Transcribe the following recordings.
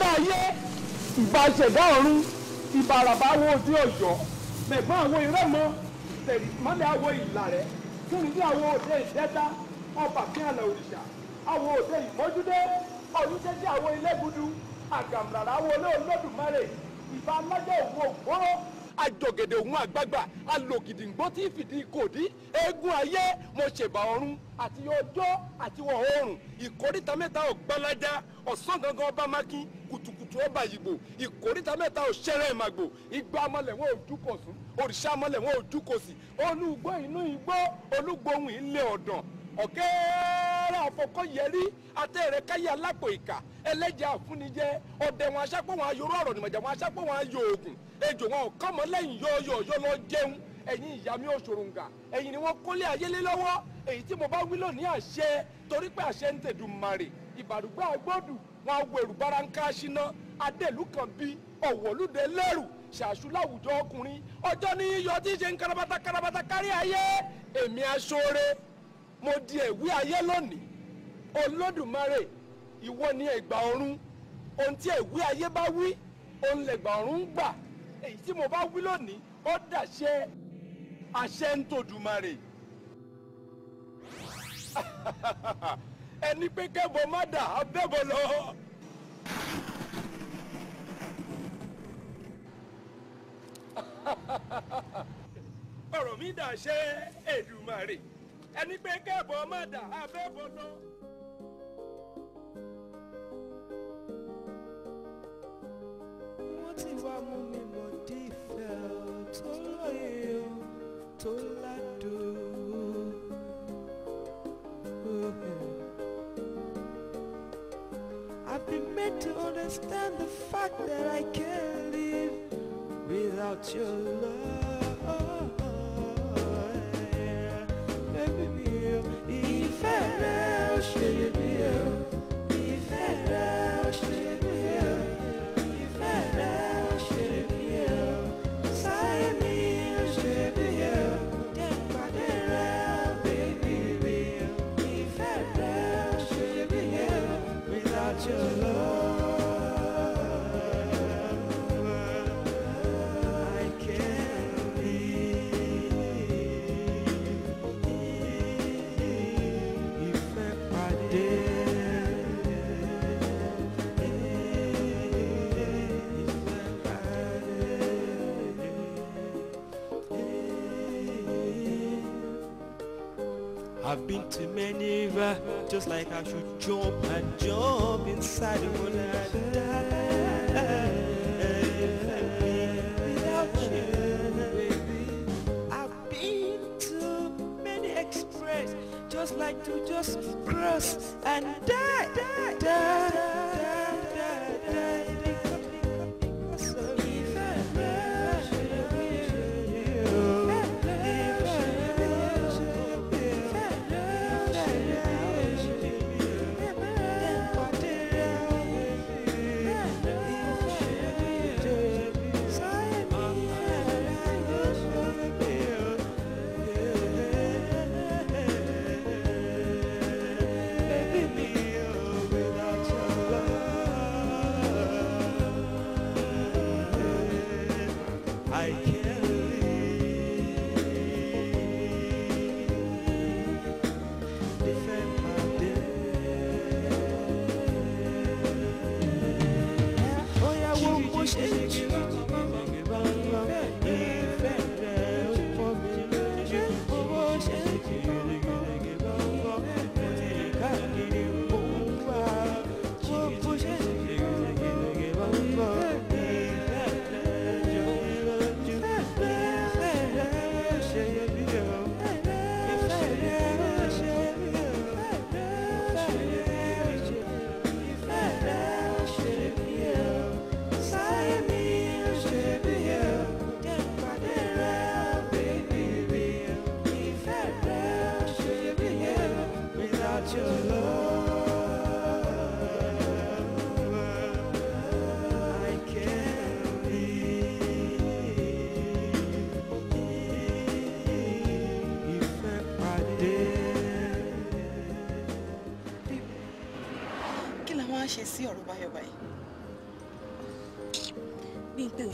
ìbádá ayé ìbáṣẹ̀dá ọ̀run ìbàràbà wo ojú ọ̀yọ́ tẹ̀gbọ́n àwọn ìrẹ́mọ tẹ̀mọ́lẹ̀ àwọ ìlà rẹ̀ kúrìndín àwọ òde ìdẹ́ta ọba kí àlà òrìṣà àwọ òde ìmọ́júdé olùjẹ́jẹ́ àwọ ilégudu àgàmàrà àwọ olóòlódùmarè ìbá alájọ òun ògbóró àjọgẹ̀dẹ̀ òun àgbàgbà alògìdìngbò tí fìdí kòdí eégún ayé mo ṣèbà ọ̀run àti ọjọ́ àti wọ̀ oòrùn ìkórìtà mẹ́ta ọ̀gbálájà ọ̀sán gangan ọba mákin kùtùkùtù ọba ìgbò ìkórìtà mẹ́ta ò ṣẹrẹ́ ìmàgbò ìgbà ọmọlẹ̀ wọn ò dúkọ̀ sùn òrìṣà ọmọlẹ̀ wọn ò dúkọ̀ sí olùgbò inú igbó olúgbòhùn ilé ọ̀dàn ọ̀kẹ́rẹ́ àfọkọ́yẹrí atẹ́rẹ́ káyé alápò ìkà ẹlẹ́jà àfúnijẹ ọdẹ wọn aṣápọ̀ wọn ayọ̀rọ̀ ọ̀rọ̀ nìmọ̀jà wọn aṣápọ̀ wọn ayọ̀ òògùn ejò wọn kọ́mọ lẹ́yìn yọ̀ọ̀yọ̀ lọ jẹun ẹ̀yin ìyá mi òṣòròǹgà ni wọ́n kólé ayélé lọ́wọ́ èyí tí mo bá wí lónìí àṣẹ torí pé àṣẹ ń tẹ̀dùn màrè ìbàdùgbà gbọ́dù wọn á wẹ̀rù baraka ṣiná adéèlú kan bí ọ̀wọ́lúdẹ lẹ́rù ṣàṣù láwùjọ ọkùnrin ọjọ́ ní yíyọ tí ń ṣe ń karabata karabata kárí ayé èmi aṣoore mo di ẹ̀wí ayé lónìí olódùmarè ìwọ ni ẹ̀gbà ọ̀run ohun tí ẹ̀wí ayé bá wí òun lẹ̀gbà ọ̀run ń gbà èyí tí mo bá wí lónìí ó dàṣẹ àṣẹ ń tòdùmarè. ẹni pé kẹ́bọ má dà abẹ́bọ lọ. ọ̀rọ̀ mi dà ṣe Èdùmàrè ẹni pé kẹ́bọ má dà abẹ́bọ lọ. understand the fact that I can't live without your love Been too many river Just like I should jump and jump inside the one I without you, baby I've been many express Just like to just cross and die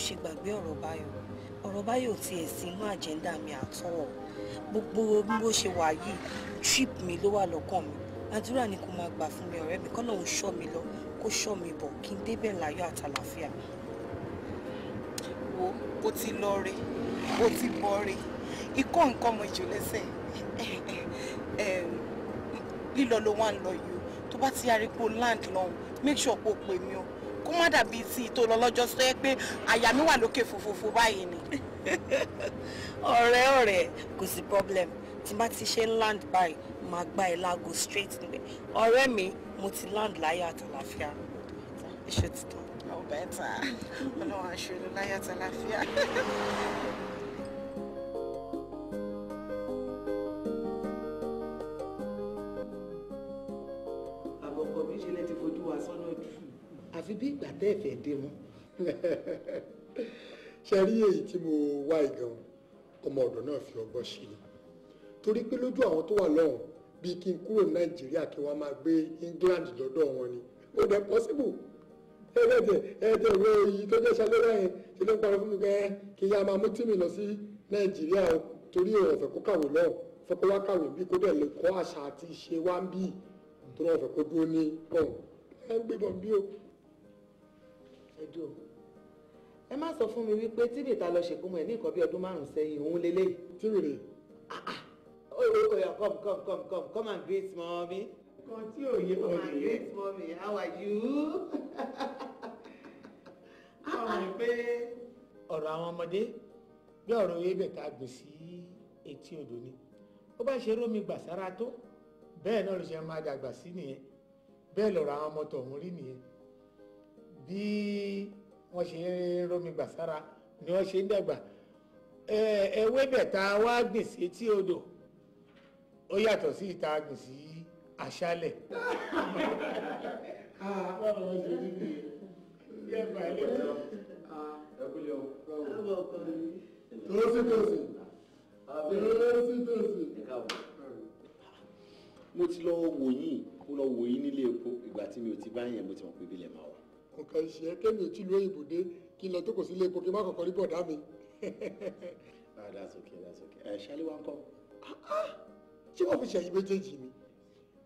ṣe gbàgbé ọ̀rọ̀ báyọ̀ ọ̀rọ̀ báyọ̀ ò tiẹ̀ sí inú àjẹ́ndà mi àtọ́ gbogbo bí ṣe wà yìí trip mi ló wà lọ́kàn mi àdúrà ni kò máa gbà fún mi ọ̀rẹ́ mi kọ́nà òun ṣọ́ mi lọ kó ṣọ́ mi bọ̀ kí n débẹ̀ láyọ̀ àtàlàfíà. wo bó ti lọ rè bó ti bọ rè ikọ́ nǹkan ọmọ ìjò lẹ́sẹ̀ lílọ ló wà ń lọ yìí o tó bá ti yára epo land lọ́hùn make sure kó o pè mí o kó má dàbí ti ìtò lọ lọ́jọ́ sọ ẹ́ pé àyà mi wà lókè fòfòfò báyìí ni. ọ̀rẹ́ ọ̀rẹ́ kò sí problem tí n bá ti ṣe land báyìí máa gbá ẹ láago straight níbẹ̀ ọ̀rẹ́ mi mo ti land láyé àtàlàfíà iṣẹ́ ti tán. ọ̀bẹ oh, ta ọlọ́run àṣírí láyé àtàlàfíà. àbọ̀kọ̀ méjì lẹ́tí fojú wa sọ́nà ojú àfi bí ìgbà tẹ́ ẹ̀fẹ̀ dé wọn. ṣe rí èyí tí mo wá ìgan ọmọ ọ̀dọ̀ náà fi ọgbọ́n ṣe ni torí pé lójú àwọn tó wà lọ́hùn bíi kí n kúrò nàìjíríà kí wọ́n máa gbé england lọ́dọ̀ wọn ni ó dẹ̀ possible ẹ̀ẹ́dẹ̀ ẹ̀ẹ́dẹ̀ ìwé èyí tó jẹ́ ṣàlẹ́rà yẹn ṣe ló ń parọ́ fún mi pé kí ya máa mú tìmí lọ sí nàìjíríà o torí òun ọ̀fẹ́ kó kàwé lọ́hùn fẹ́ kó wá kàwé bí kó dẹ̀ lè kọ́ àṣà àti ìṣe wá ń bì tó náà ọ̀fẹ́ kó dúró ní ọ̀hún ẹ̀ ń gbébọn bí o ẹdùn o ẹ má sọ fún mi wípé tíbi ìta lọ ṣèkómọ ẹ ní nǹkan bí ọdún márùn sẹ́yìn òun lélẹyìí. tíbi rè ah, ah. oya oh, oh, oh, come come come come come and greet mommy. kan tí ò yé ọ yé. greet mommy how are you. ọmọ mi pé ọ̀rọ̀ àwọn ọmọdé bí ọ̀rọ̀ ebè tá a gbìn sí etí odò ni ó bá ṣe rómi gbà sára tó bẹ́ẹ̀ náà ló ṣe máa dàgbà sí nìyẹn bẹ́ẹ̀ lọ̀rọ̀ àwọn ọmọ tọ̀hún rí nìyẹn bí wọ́n ṣe ń romi gbà ni wọ́n ṣe ń dàgbà ewébẹ̀ tá a wá gbìn sí etí odò ó yàtọ̀ sí ìta gbìn sí aṣálẹ̀. Ah, báwo wọ́n ṣe rí mi yẹ bá ilé tó. Ah, ẹkúlẹ̀ o báwo. tòsí tòsí tòsí mo ti lọ wò mo lọ wò nílé epo ìgbà tí mi ò ti bá yẹn mo ti mọ̀ pé ibi lè máa wà nǹkan ṣe é kémi ò tí lu òyìnbó dé kí n tó kò sí ilé epo má kọ̀ọ̀kan rí bọ̀dá mi. Ah, that's okay that's okay ẹ eh, ṣáléwá ń kọ́. Ah, ah, ṣé wọ́n fi ṣẹ̀yìn méjèèjì ni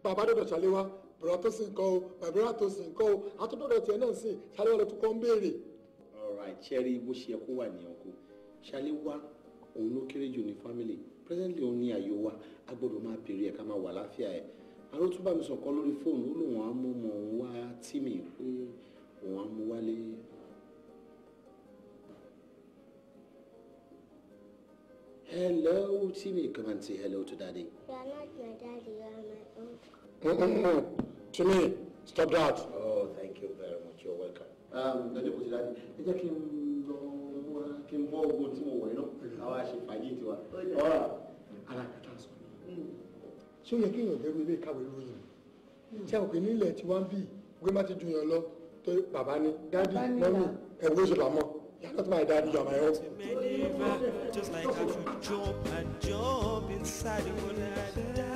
bàbá dọ̀dọ̀ ṣáléwá bùrọ̀ tó sì ń kọ́ o bàbá tó sì ń kọ́ o àtúndọ̀dọ̀ tiẹ̀ náà sì ṣáléwá ló kọ́ ń béèrè. all right ṣẹ́rí bó ṣe kó wà ní ọkọ ṣáléwá òun ló kéré jù ní family presently òun ní àyò wa a gbọ́dọ̀ máa béèrè ẹ̀ ká máa wà láfíà ẹ̀ àrò tún bá mi sọ̀kan lórí fóònù ó lóun á mú ọmọ òun wá tì mí pé òun mú wálé. Hello, Timmy. Come and say hello to daddy. You are not my daddy, you are my uncle. Timmy, stop that. Oh, thank you very much. You're welcome. Um, Dọ́jọ́ kò sí dáadé. Ẹ jẹ́ kí n lọ wá kí n bọ́ ogun tí mo wọ̀ iná. Àwa ṣe fàájì tiwa. Ọ̀rọ̀ ara kàtà sọ. Mm. Ṣé ó yẹ kí èèyàn dẹ́rù ilé ìkàwé lóyún? Ṣé àwọn òkè nílẹ̀ tí wọ́n ń bì? Gbé má ti dùn yàn lọ tó bàbá ni dáàdi mọ́mí ẹ̀wọ́ ìṣòro àmọ́ you're not my daddy you're my just like I should jump and jump inside the water and die.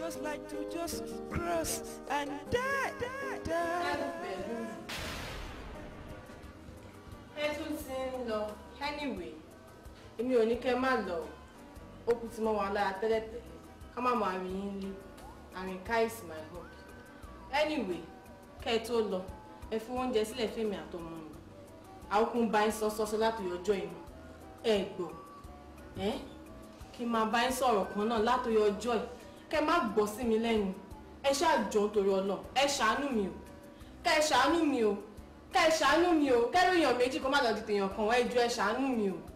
just like to just cross and die, die, die. Ẹ tún ti ń anyway èmi ò ní kẹ́ má lọ ó kú ti mọ́ wa lára tẹ́lẹ̀tẹ́lẹ̀ ká má máa rìn yín lé àrìnká is my hope anyway kẹ́ ẹ tó lọ ẹ fi oúnjẹ sílẹ̀ fẹ́mi àtọmọ mi àwọn kún bá yín sọ́sọ́sọ́ láti ọjọ́ ìmọ̀ ẹ gbọ́ ẹ kí n máa bá yín sọ̀rọ̀ kan náà láti ọjọ́ ì kẹ́ má gbọ́ sí mi lẹ́nu ẹ ṣáà jọ torí ọlọ ẹ ṣàánú mi o kẹ́ ẹ ṣàánú mi o kẹ́ ẹ ṣàánú mi o kẹ́rù èèyàn méjì kó má lọ di tèèyàn kan ẹ ju ẹ ṣàánú mi o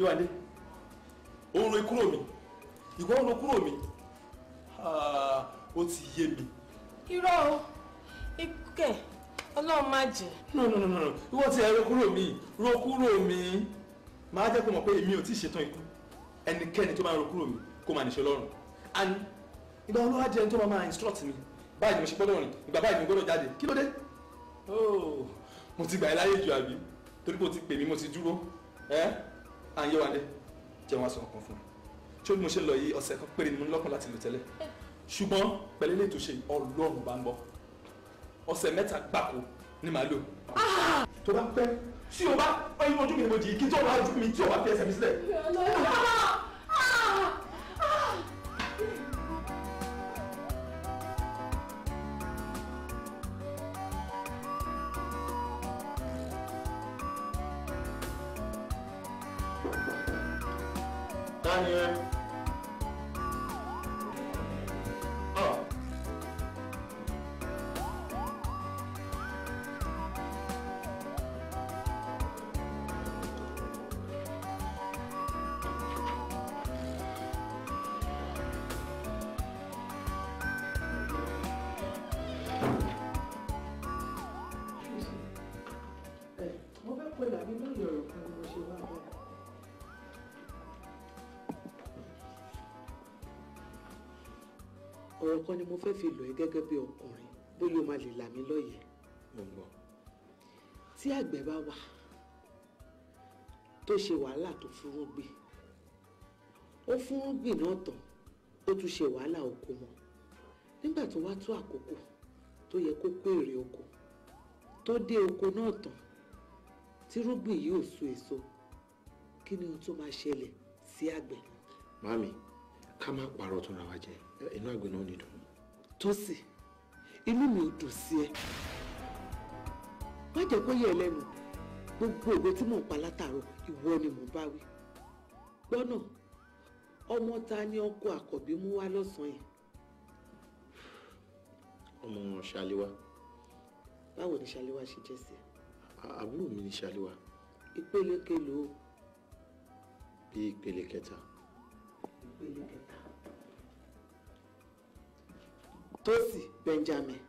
yíwáde òun lo ikúrò mi ìwọ òun lo kúrò mi ah, ó ti yé mi. irọ́ o ikú kẹ̀ ọlọ́run má jẹ́. no no no no ìwọ ti ẹ ro kúrò mi ro kúrò mi máa jẹ́ kó mọ̀ pé èmi ò tí ì ṣetán ikú ẹnikẹ́ni tó máa ro kúrò mi kó máa níṣẹ́ lọ́rùn and ìgbà olówó ajẹ́ ẹni tó máa máa instruct mi báyìí ni mo ṣe gbọ́dọ̀ rìn ìgbà báyìí ni mo gbọ́dọ̀ jáde kí ló dé oh, mo ti gbà ẹ́ láyé jù àbí torí pé o ti pè mí mo ti dúró ẹ́ à ń yẹ wa dé jẹ́ wọn aṣọ ọkàn fún mi tí ó ní mo ṣe lọ yìí ọ̀sẹ̀ kan péré ni mo ń lọ́kàn láti lò tẹ́lẹ̀ ṣùgbọ́n pẹ̀lú ilé ìtúnṣe ọlọ́run bá ń bọ̀ ọ̀sẹ̀ mẹ́ta gbáko ni màá lò. tó bá pẹ́ tí o bá ọyún ojú mi ni mo jì kí tó wàá ojú mi tí o wàá fi ẹsẹ̀ mi sílẹ̀. Tyler. fi lọ̀ ẹ́ gẹ́gẹ́ bí ọkùnrin bóyá o máa lè là mí lóye. mo gbọ́. tí àgbẹ̀ bá wà tó ṣe wàhálà tó fúrúgbìn ó fúrúgbìn náà tán ó tún ṣe wàhálà oko mọ́ nígbà tó wá tó àkókò tó yẹ kó kó èrè oko tó dé oko náà tán tírúgbìn yìí ò so èso kí ni ohun tó máa ṣẹlẹ̀ sí àgbẹ̀. màmí ká má parọ́ tó ra wa jẹ inú àgbẹ̀ náà nìdùn. Tósìn inú mi ò dùn sí ẹ má jẹ́ kó yẹ ẹ lẹ́nu gbogbo ògbó tí mò ń pa látàárọ̀ ìwọ ni mò ń bá wí gbọ́nà ọmọ ta ni ọkọ àkọ́bí mú wá lọ́sàn-án yẹn. ọmọ ṣàlíwá. báwo ni ṣàlíwá ṣe jẹ́ sí àbúrò mi ni ṣàlíwá. ìpele kelo. bí ìpele kẹta. ìpele kẹta. Tosi Benjamin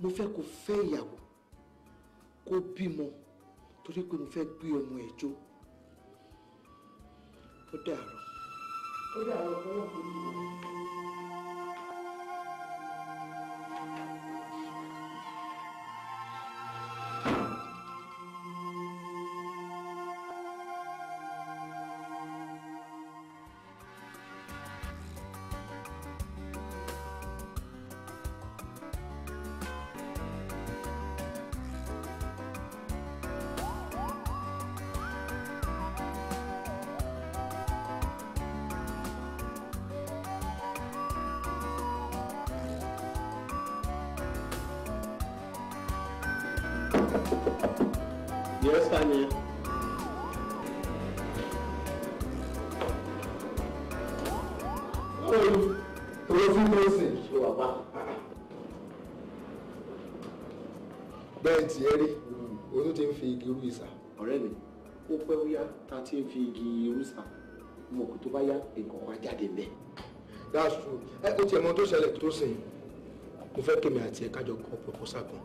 mo fẹ́ kó fẹ́ ìyàwó kó bímọ torí pé mo fẹ́ gbé ọmọ ẹ̀ jó ó dàrú. ó dàrú ọ̀pọ̀lọpọ̀ nínú. tiẹ̀ rí òun tó ti ń fi igi rú ìsà. ọ̀rẹ́ mi ó pẹ́ ó yá tá a ti ń fi igi rú ìsà mọ̀ kó tó bá yá nǹkan wá jáde ńbẹ̀. that's true ẹ o tiẹ̀ mọ tó ṣẹlẹ̀ tó sìn mo fẹ́ kémi àti ẹ̀ kájọ kọ proposal kan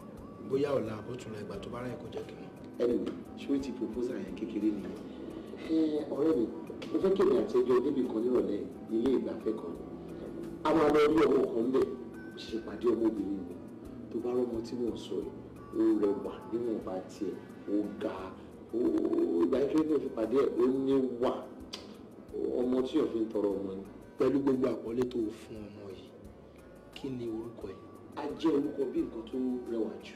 bóyá ọ̀la àbótúnlá ìgbà tó bá ráyè kó jẹ́ kí n mọ̀. ṣé o ti proposal yẹn kékeré nìyẹn ọ̀rẹ́ mi mo fẹ́ kémi àti ẹjọ́ níbi kan ní ọ̀lẹ́ ilé ìgbafẹ́ kan a máa lọ rí ọmọ kan bẹ̀ ṣe pàdé ọmọbìnrin mi tó bá rọ́mọ tí mò sọ yìí ó rẹwà níwọ̀n bá tiẹ̀ ó ga ó ìgbà yẹn kéré tó pàdé ẹ̀ ó níwà ọmọ tí yóò fi ń tọrọ ọmọ ni. pẹ̀lú gbogbo àkọlé tó fún ọmọ yìí kí ni orúkọ ẹ̀. a jẹ́ orúkọ bí nǹkan tó rẹwà jù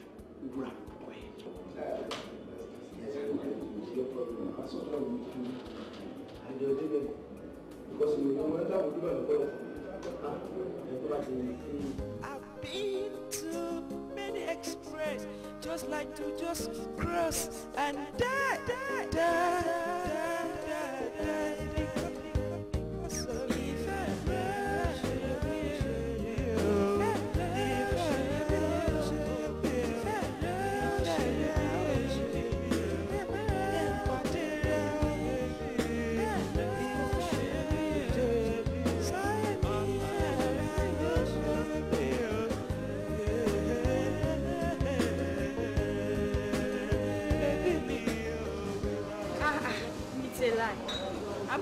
wúrà lórúkọ ẹ̀. àjọ débẹ̀ bọ́sùn ìgbà wọn dáhùn dúpẹ́ lọ́pọ̀lọpọ̀ ẹ̀kọ́ bá ti ní. been to many express just like to just cross and die, die, die, die, die, die.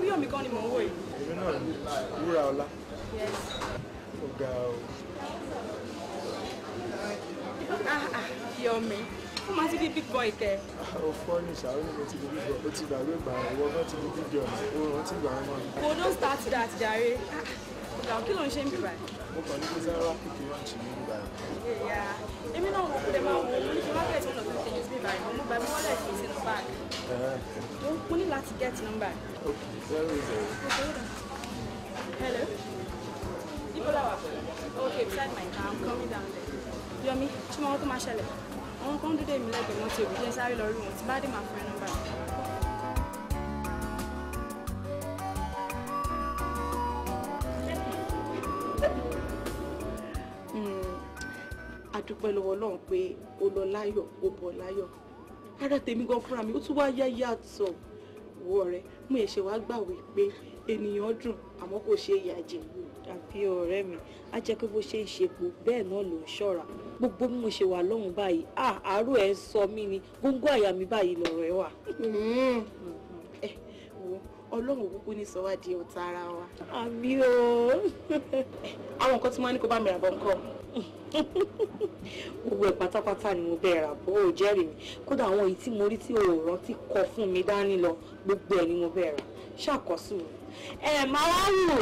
yóò mi gan ni mò ń wò yìí. èmi náà ni wúrà ọlá. ó ga o. yọmi ah, ah, ah, ó máa ti di big boy kẹ. ó fọ́ ní ìṣàwọ́n mi ti di big boy ó ti gbàgbé ìgbà ìwọ náà ti di big girl ó rántí ìgbà wọn náà. kò don start that jàre ọ̀gá kí ló ń ṣe ń bìbà yìí. mo kàn ní kó sára kìkì rántí mi nígbà yẹn. èmi náà wò ó kúlẹ̀ máa wò ó ní kí wọ́n fẹ́ẹ́ tó lọ sí ìṣèjú bíbá yìí mo gbà mí wọ́n sí bag. Uh, mo ní láti get number. okay zero zero. okay hello. okay beside my car i'm coming down there. yomi ṣé mo wọn tó máa ṣẹlẹ̀ àwọn kan dúdú èmi lẹ́gbẹ̀ẹ́ mọ́tò èbí jẹ́ to lọ rí wọn tí bá dé máa number. Hmm, a dúpẹ́ lọ́wọ́ Ọlọ́run pé o lọ láyọ̀ ara tèmi gan fúnra mi ó tún wáá yáyà tọ̀ wọ ọ̀rẹ́ mo ẹ̀ṣẹ̀ wá gbàwé pé ènìyàn dùn àmọ́ kò ṣe ìyà jẹ àbí ọ̀rẹ́ mi á jẹ́ pé bó ṣe ń ṣepo bẹ́ẹ̀ náà ló ń ṣọ́ra gbogbo bí mo ṣe wà lọ́hùn báyìí àárò ẹ̀ ń sọ mí ni góńgó àyà mi báyìí lọ̀rọ̀ ẹ wà. ẹ hmm. eh, wo ọlọ́run òkúkú ní sọ wá di ọ̀tá ara wa. àmì o. Eh, àwọn nǹkan tí wọ́n ní kó bá mi rà bọ̀ nǹkan. gbogbo ẹ̀ pátápátá ni mo bẹ̀rẹ̀ rà bó jẹ́rìí mi kódà àwọn èyí tí mo rí tí o rántí kọ fún mi dání lọ gbogbo ẹ̀ ni mo bẹ̀rẹ̀ ṣàkóso ẹ̀ máa wá lò.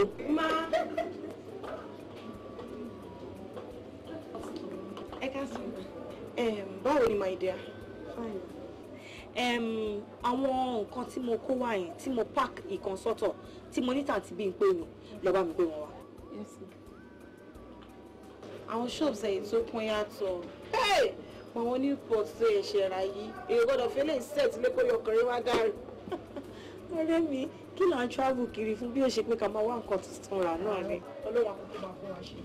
ẹ ká sùn báwo ni my dear. um, àwọn nǹkan tí mo kó wá tí mo pack ìkan sọ́tọ̀ tí mo ní tàǹtí bí n pé ni lọ́ba mi gbé wọn wá àwọn shops ẹ̀yìn tó pọn yàtọ̀ pọn wọn ní port tó ẹ̀ṣẹ̀ ra yìí èyí gbọ́dọ̀ fẹ́lẹ̀ set lẹ́kọ̀ọ́ yọkùnrin wá gàrí. ọ̀rẹ́ mi kí là ń travel kiri fún bí ó ṣe pé ká máa wá nǹkan tuntun rà náà ni ọlọ́run àkókò máa fún wa ṣe.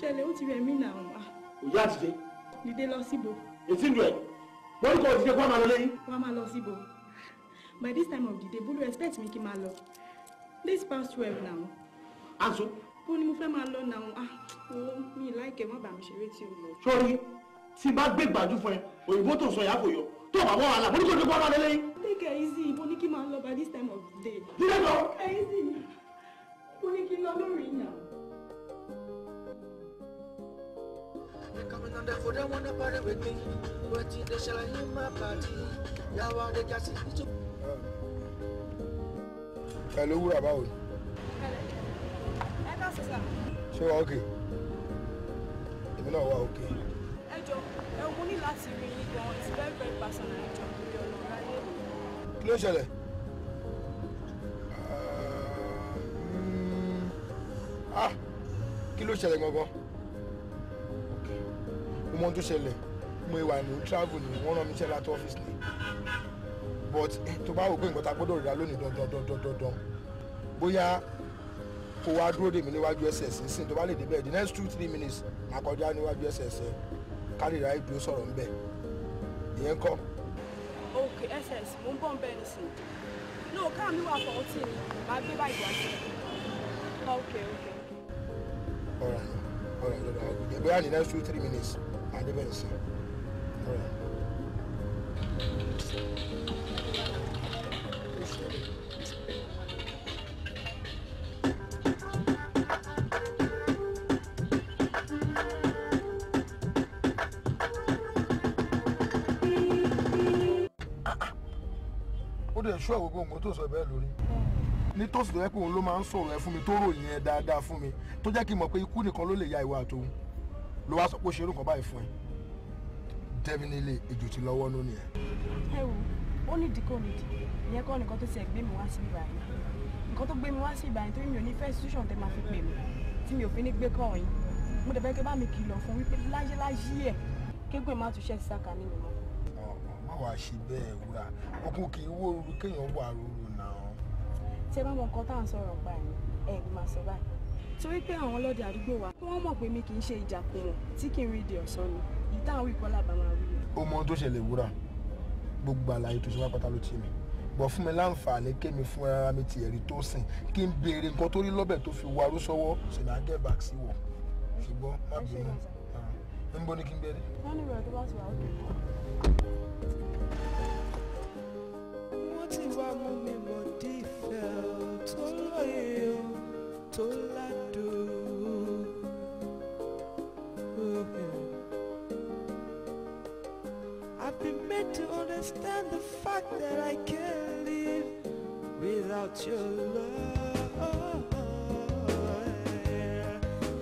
ṣẹlẹ̀ ó ti rẹ̀ mí nà wá. òye àtijọ́. dìde lọ síbo. èsì ń lu ẹ̀ bọ́lú kò dìde kó a máa lọ lẹ́yìn. wọ́n á máa lọ síbo by this time of the day bólú respect mi kí n máa lọ this past twelve now. Aso. bó ni mo fẹ́ máa lọ now ah mi ì láìkẹ́ má bàa mi ṣeré tí o lọ. sọ́ọ́rí tí bá gbé gbàdú fún ẹ òyìnbó tó sọ ìyá kò yọ tó bàbá wà là bóníkò nípa ọmọdé lẹ́yìn. take it easy ibo ní kí n máa lọ by this time of the day. nílẹ̀ lọ. easy ni bó ní kí n lọ lórí ìyàwó. coming on the food, they wanna party with me. But in the shell, I in my party. Yeah, well, they got it. Hello, wúrà báwo ni? Ẹ ká sọ sá. Ṣé wàá òkè? Èmi náà wà òkè. Ẹ jọ, ẹ mú it's very very personal ìjọ ìdí ọ̀nà ah, hmm. ah, kí ló ṣẹlẹ̀ mo tó ṣẹlẹ̀ mo wà ní travel ni wọ́n rán mi iṣẹ́ láti ọ́fíìsì ni but eh, tó bá wò pé nǹkan ta gbọ́dọ̀ rí ra lónìí dandan dandan dandan bóyá kó wá dúró dèmí níwájú ẹsẹ̀ sí tó bá lè débẹ̀ the next two three minutes máa kọjá níwájú ẹsẹ̀ sí kárìí ra ìdúró sọ̀rọ̀ ń ìyẹn kọ́. ok ss mo ń bọ̀ ń bẹ́ẹ̀ nísìnyí no káà mi wà fọ̀ ọ́ tì mí màá gbé báyìí wá sí i ok ok. ọ̀rọ̀ ọ̀rọ̀ ọ̀rọ̀ ọ̀gbìn bóyá the next two three minutes adébẹ̀rẹ̀ sí ọ̀rẹ́. ó dẹ̀ ṣú àgbègbè nǹkan tó sọ bẹ́ẹ̀ lórí nítòsí tó yẹ pé òun ló máa ń sọ̀rọ̀ ẹ fún mi tó ròyìn ẹ dáadáa fún mi tó jẹ́ kí n mọ̀ pé ikú nìkan ló lè ya ìwà àtòun ló wá sọ pé ó ṣe orúkọ báyìí fún ẹ definitely ejò ti lọ́wọ́ nú nìyẹn. ẹ wo ó ní ìdí kò nídìí ìyẹn kọ́ nìkan tó ti ẹ̀ gbé mi wá sí ìbàyẹn nǹkan tó gbé mi wá sí ìbàyẹn torí mi ò ní fẹ́ institution tẹ máa fi pè mí tí mi ò fi ní gbé kọ́ yín mo dẹ̀ fẹ́ kí bá mi kìlọ̀ fún wípé láyé láyé ẹ̀ kégbè má tún ṣe ti sáka nínú mọ́. má wàá ṣe bẹ́ẹ̀ wúrà okun kì í wó ooru kéèyàn wà rúru náà. tí ẹ bá mọ nǹkan tá à ń sọ̀rọ̀ pa ẹ̀ máa sọ báyìí torí pé àwọn ọlọ́dẹ àdúgbò wa kí wọ́n mọ̀ pé mi kì í ṣe ìjàkùn tí kì í rí di ọ̀sán ni ìta àwọn ìkọ́ máa rí mi. ó tó ṣẹlẹ̀ wúrà gbogbo àlàyé tó ṣe wá pátá ló ti mi bọ̀ fún mi láǹfààní kémi fún ara mi ti ẹ̀rí tó sìn kí n béèrè nǹkan tó rí lọ́bẹ̀ tó fi warú sọ́wọ́ ṣèlà á gẹ̀ bàk sí wọ̀ ṣùgbọ́n má bínú ah, ń bọ́ ní kí n bẹ̀rẹ̀. wọ́n ti wá mú mi mọ̀ dífẹ́ tó lóye tó lájú. I've been made to understand the fact that I can't live without your love.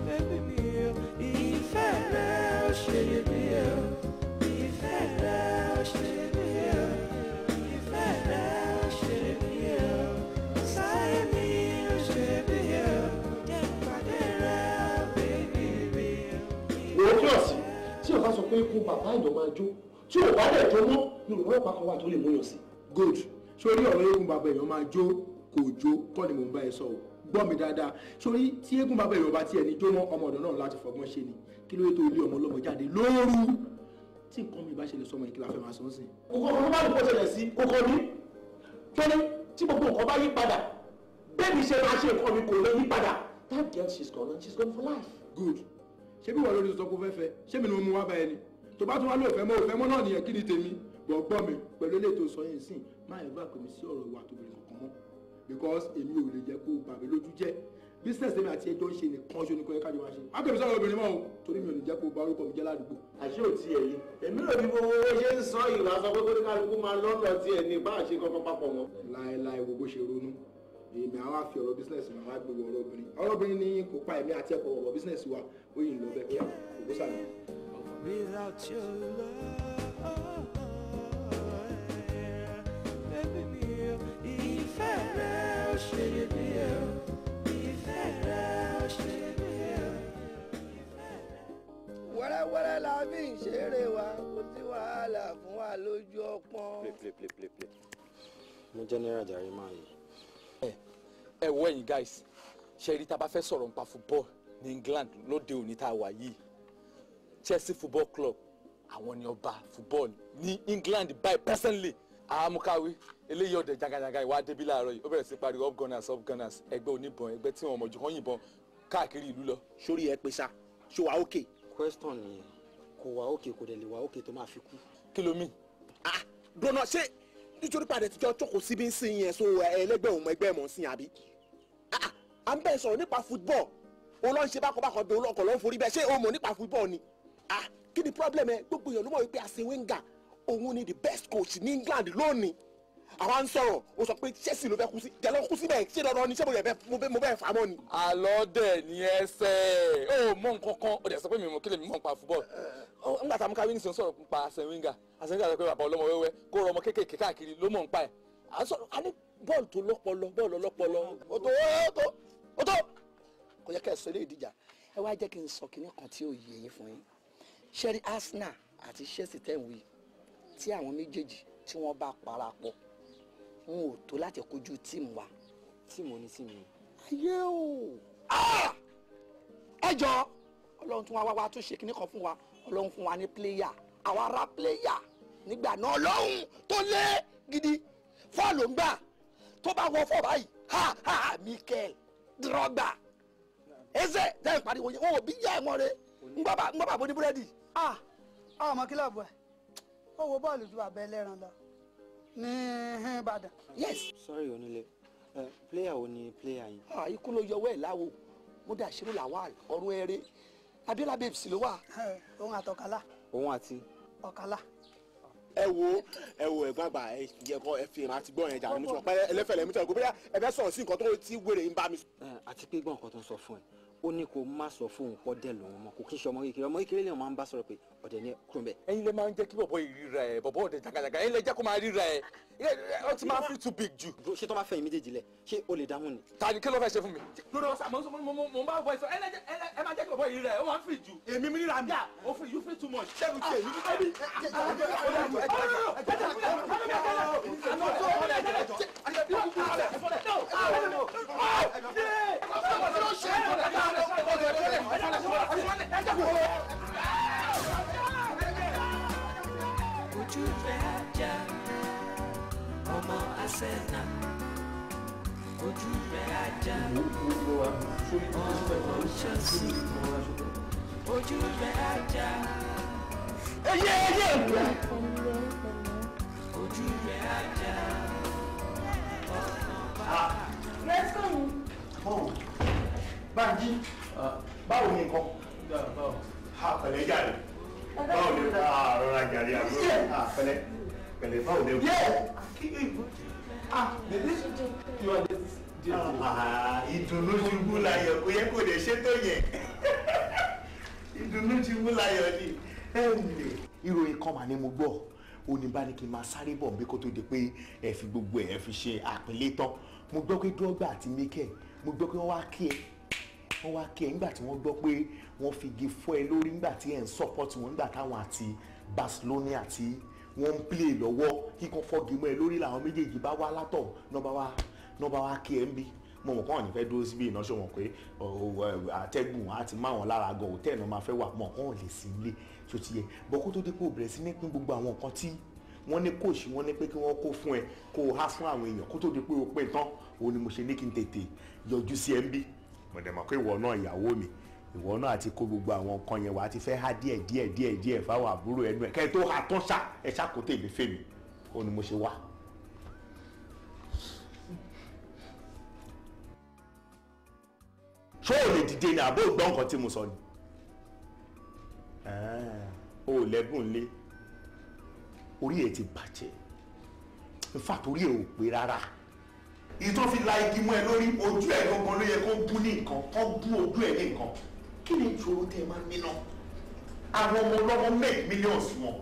Baby mi o, ìfẹ́ rẹ ò ṣe é bí o, ìfẹ́ rẹ ò ṣe é bí o, ìfẹ́ rẹ ò ṣe é bí o, sáyé mi ò ọ̀sìn tí ọ̀sán sọ pé ikú bàbá ìdọ̀ máa jó tí ò bá dẹ̀ tó mọ́ yorùbá ọ̀pá kan wà tó lè múyàn sí. good sórí ọ̀rọ̀ eégún bàbá èèyàn máa jó kò jó kọ́ ni mò ń bá ẹ sọ o gbọ́ mi dáadáa sórí tí eégún bàbá èèyàn bá tiẹ̀ ní jó mọ́ ọmọ ọ̀dọ̀ náà láti fọgbọ́n ṣe ni kí ló yẹ tó ilé ọmọ ọlọ́mọ jáde lóru tí nǹkan mi bá ṣẹlẹ̀ sọmọ yìí kí la fẹ́ máa sọ sí. kókó ọmọ bá lùkọ́ ṣẹlẹ̀ sí kókó ní tóní tí gbogbo nǹkan bá yí padà bẹ́ẹ̀ ni ṣe máa ṣe nǹkan mi kò lè yí padà that girl she's gone and she's gone for life. good ṣé bí wàá lórí sọ pé ó fẹ́ fẹ́ ṣé mi ni mo mú wá bá ẹni tó bá tún wá lóòfẹ́ mọ́ òfẹ́ mọ́ náà nìyẹn kí ni tèmi bọ̀ gbọ́ mi pẹ̀lú eléyìí tó sọ yẹn sìn máa yẹn bá pè mí sí ọ̀rọ̀ ìwà tóbi kankan mọ́ because èmi ò lè jẹ́ kó bà mí lójú jẹ́ business èmi àti ẹjọ́ ń ṣe nìkan ṣo nìkan ẹ̀ka jọ wá ṣe má pè mí sọ̀rọ̀ obìnrin mọ́ o torí mi ò ní jẹ́ kó bà orúkọ mi jẹ́ ládùúgbò. àṣé ò tiẹ̀ yìí èmi ò ní gbogbo owó ṣe ń sọ ìwà sọ pé kóníkálukú máa lọ́nà tiẹ̀ ní bá àṣe kankan papọ̀ mọ́. láéláé wo bó ṣe ronú èmi àwa fi ọ̀rọ̀ business mi àwa gbogbo ọ̀rọ̀ obìnrin ọ̀rọ̀ obìnrin ní kópa èmi àti ẹ̀kọ́ ọ̀rọ̀ business wa ó yìn lọ bẹ́ẹ̀ pé àkókò sàlẹ̀ without your love. Baby mi o, ìfẹ́ rẹ ò be, é bí I ìfẹ́ rẹ ò ṣe é bí o. wẹ́rẹ́wẹ́rẹ́ la fi ń ṣeré wa kò sí wàhálà fún wa lójú ọpọ́n. play play play play play mo general jare máa yìí. ẹ ẹ wẹ́yìn guys ṣe rí tá a bá fẹ́ sọ̀rọ̀ nípa football ní England lóde òní tá a wà yìí Chelsea Football Club àwọn ni ọba football ní England by personally àmúkáwé eléyìí ọ̀dẹ̀ jagajaga ìwà débi láàárọ̀ yìí ó bẹ̀rẹ̀ sí pariwo up gunners up gunners ẹgbẹ́ oníbọn ẹgbẹ́ tí wọn mọ̀jú kan yìnbọn káàkiri ìlú lọ. sórí ẹ pé ṣó wà ókè. question nìyẹn kò wà ókè kò dẹ̀ lè wà ókè tó máa fi kú. kí ló mì. ah dọ́nà ṣé nítorí pàdé tíjọ́ jókòó síbi ń sìn yẹn so ẹlẹgbẹ́ òun ẹgbẹ́ mọ̀ ń sìn àbí. Ah, ah à ń bẹ̀ sọ̀rọ̀ nípa football olóńṣe bákọ̀bákọ̀ bẹ olóńkọ̀ ló ń forí bẹ́ẹ̀ ṣé o mọ̀ nípa football ni ah kí ni problem ẹ gbogbo èèyàn ló mọ̀ wípé Arsene Wenger òun ni the best coach ní England lónìí àwa ń sọ̀rọ̀ o sọ pé Chelsea ló fẹ́ kú sí jẹ́lọ́ kú síbẹ̀ ṣé dandan ni ṣé mo bẹ́ẹ̀ mo bẹ́ẹ̀ fà mọ́ ni. àlọ́ dẹ̀ ni ẹsẹ̀ ó mọ nǹkan kan ó dẹ̀ sọ pé mi mọ̀ kí lè mi mọ̀ nípa fúbọ̀l nígbà tá a mú káwé nìṣẹ́ sọ̀rọ̀ nípa Arsene Wenger Arsene Wenger sọ pé bàbá ọlọ́mọ wẹ́wẹ́ kó rọ ọmọ kéékèèké káàkiri ló mọ̀ nípa ẹ̀ à ń sọ̀rọ̀ a ní bọ́ọ̀lù tó lọ́pọlọ bọ́ọ̀lù ọlọ́pọlọ ó tó ó tó ó tó kò yẹ kẹ́ ẹ̀ sọ ilé ìdíjà ẹ wá jẹ́ kí n sọ kinní kan tí ò yẹ yín fún Sherry, Arsenal àti Chelsea tẹ̀ ń wí tí àwọn méjèèjì tí wọ́n bá parapọ̀ n ò tó láti kojú tíìmù wa. tíìmù ni tíìmù yìí. ayé o ah! ẹ jọ ọlọ́run tún wá wá wá tún ṣe kinní kan fún wa ọlọ́run fún wa ní pléyà àwa ra pléyà nígbà náà ọlọ́run tó lé gidi fọ́ọ̀lù ń gbà tó bá wọ fọ́ọ̀ báyìí ha ha Michael. Drogba Eze. jẹ́ ìpariwo yẹn wọn ò bí yá ẹ̀wọ̀n rẹ̀ ń ń gbọ́ bá ní búrẹ́dì a ah, ah, ọmọ kílọ̀bù ẹ̀ ó wo bọ́ọ̀lù ju àbẹ̀ ẹlẹ́ran lọ ní Ìbàdàn. yes. sorry onílé uh, player wo ni player yín. Ah, ikú ló yọwọ́ ẹ̀ láwo mo dà ṣerú làwà ọ̀run eré abiola babes ló wà. òun àti ọ̀kálá. òun àti. ọ̀kálá. ẹ wo ẹ wo ẹ̀gbọ́n àgbà ẹ yẹ kọ ẹ fi ìran àti gbọ́n yẹn jà ní mo sọ pé ẹlẹ́fẹ̀lẹ́ mi tẹ̀ ọ́ gbé bóyá ẹ fẹ́ sọ̀rọ̀ sí nǹkan tó ti wéré ń bá mi. àti pé gbọ́n nǹkan tó ń sọ fún ẹ ó ní kó má sọ fóun pọ́dẹ̀ lòun mọ́ kò kí n ṣe ọmọ kékeré ọmọ kékeré lèèyàn máa ń bá sọ̀rọ̀ pé ọ̀dẹ̀ ni kúrò bẹ́ẹ̀. ẹ̀yin lè máa ń jẹ́ kí bọ̀bọ̀ yìí ríra ẹ̀ bọ̀bọ̀ ọ̀dẹ̀ jàgàjàgà ẹ̀yin lè jẹ́ kó máa ríra ẹ̀ ó ti máa fi too big jù. ṣé tó bá fẹ́ yín méjèèjì ṣé o lè dáhùn ni. ta ni kí ló fẹ́ ṣe fún mi. lọ́dọ̀ sà mo ń bá bọ̀ ìsọ ẹ má jẹ́ kí bọ̀bọ̀ yìí ríra ẹ̀ ó máa ń fi jù. èmi mi ríra mi. yà you you are just ìdùnnú ti wú láyọ̀ kò yẹ kó lè ṣe tó yẹn ìdùnnú ti wú láyọ̀ ni. ẹ ǹlẹ̀ ìròyìn kan mà ní mo gbọ́ oníbàárìkì máa sáré bọ̀ bí kò tó di pé ẹ fi gbogbo ẹ fi ṣe àpínlẹ̀ tán mo gbọ́ pé dọ́gba àti mikẹ́ mo gbọ́ pé wọ́n wá kí ẹ wọ́n wá kí ẹ nígbà tí wọ́n gbọ́ pé wọ́n fi fọ́ ẹ lórí nígbà tí ẹ ń support wọn nígbà táwọn àti Barcelona àti wọ́n ń play lọ́wọ́ kíkọ́ fọ́gi mọ́ ẹ lórí làwọn méjèèjì bá wá látọ̀ nọ́ba wá nọ́ba wá kí ẹ ń bí mo mọ̀ kàn ní fẹ́ dúró síbí iná ṣọwọ́n pé àtẹ́gùn á ti má wọn lára gan òtẹ́ náà máa fẹ́ wà mọ̀ kàn lè sí ilé tó ti yẹ bọ́ kó tó dé kó bẹ̀rẹ̀ sí ní pín gbogbo àwọn nǹkan tí wọ́n ní kóòsì wọ́n ní pé kí wọ́n kó fún ẹ kó o há fún àwọn èèyàn kó tó di pé o pé tán òun ni mo ṣe ní kí n tètè yọjú sí ẹ ń bí mo pé ìwọ náà ìyàwó mi ìwọ náà àti kó gbogbo àwọn nǹkan yẹn wà á ti fẹ́ há díẹ̀ díẹ̀ díẹ̀ díẹ̀ fáwọn àbúrò ẹnu ẹ̀ kẹ́ẹ̀ tó ha tán ṣá ẹ ṣàkó tèmi fèmí ó ní mo ṣe wá. ṣó o lè dìde ní àbó ìgbọ́ nǹkan tí mo sọ ni o ò lẹ́gùn lé orí ẹ̀ ti bàjẹ́ nfa torí ẹ̀ ò pé rárá ìtọ́ fi la igi mú ẹ lórí ojú ẹ̀ gangan ló yẹ kó bú ní nǹkan kó bú ojú ẹ̀ ní nǹkan kí ni ìṣòro tẹ máa ń níná àwọn ọmọ ọlọ́mọ make millions wọn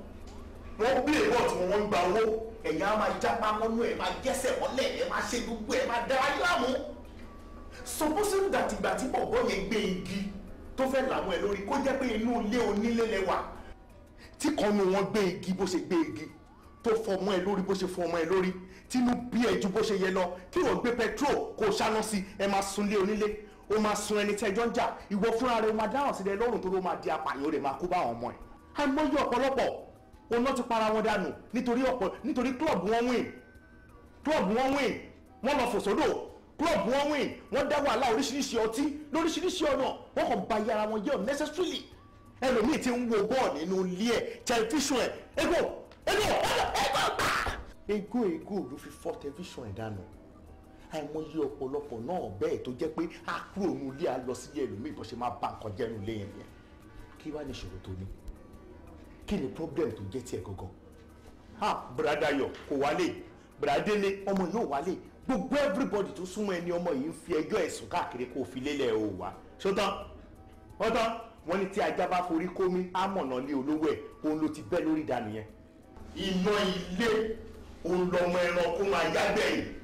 wọ́n gbé bọ́ọ̀tù wọn wọ́n gba owó ẹ̀yà máa jápá mọ́nú ẹ̀ máa gẹ́sẹ̀ mọ́lẹ̀ ẹ̀ máa ṣe gbogbo ẹ̀ máa dára láàmú supposing that ìgbà tí bọ̀bọ̀ yẹn gbé igi tó fẹ́ làwọn ẹ̀ lórí kó jẹ́ pé inú ilé onílé lẹ́wà tí kan nu wọn gbé igi bó ṣe gbé igi tó fọmọ ẹ lórí bó ṣe fọmọ ẹ lórí tínú bí ẹ ju bó ṣe yẹ lọ kí wọn gbé petrol kó ṣáná sí ẹ máa sunlé onílé o máa sun ẹni tẹ́jọ́ ń jà ìwọ fúnra rẹ o máa dáhùn sílẹ̀ lọ́rùn tó ló máa di apànìyàn rẹ̀ máa kó bá àwọn ọmọ ẹ̀. àìmọye ọ̀pọ̀lọpọ̀ oná ti para wọn dànù nítorí ọ̀pọ̀ nítorí club wọn win club wọn win wọn lọ fò sódò club wọn win wọn dá wàhálà oríṣiríṣi ọtí lóríṣiríṣi ọ̀nà wọn kàn ba iye ara wọn jẹ́ unnecessarily ẹlòmíì ti ń wo bọ́ọ̀lù nínú ilé ẹ̀ tẹlifíṣàn ẹ̀ ego ego ego ego ah! ego ló fi fọ́ tẹlifíṣàn ẹ̀ dànù àìmọye ọ̀pọ̀lọpọ̀ náà bẹ́ẹ̀ tó jẹ́ pé a kúrò nu ilé a lọ sílé ẹlòmíì bó ṣe máa bá nǹkan jẹ́nu ilé yẹn nìyẹn kí wàá ní ìṣòro tó ní kí ni problem tó jẹ́ tiẹ̀ gangan ha bradayọ kò wálé bradele ọmọ yóò wálé gbogbo everybody tó súnmọ́ ẹni ọmọ yìí ń fi ẹjọ́ ẹ̀sùn káàkiri kó fi lélẹ̀ o wá ṣótán ọtán wọ́n ní tí ajá bá forí kómi á mọ̀nà lé olówó ẹ̀ òun ló ti bẹ́ lórí ìdánù yẹn. iná ilé òun lọmọ ẹran kó máa yá gbẹ̀yìn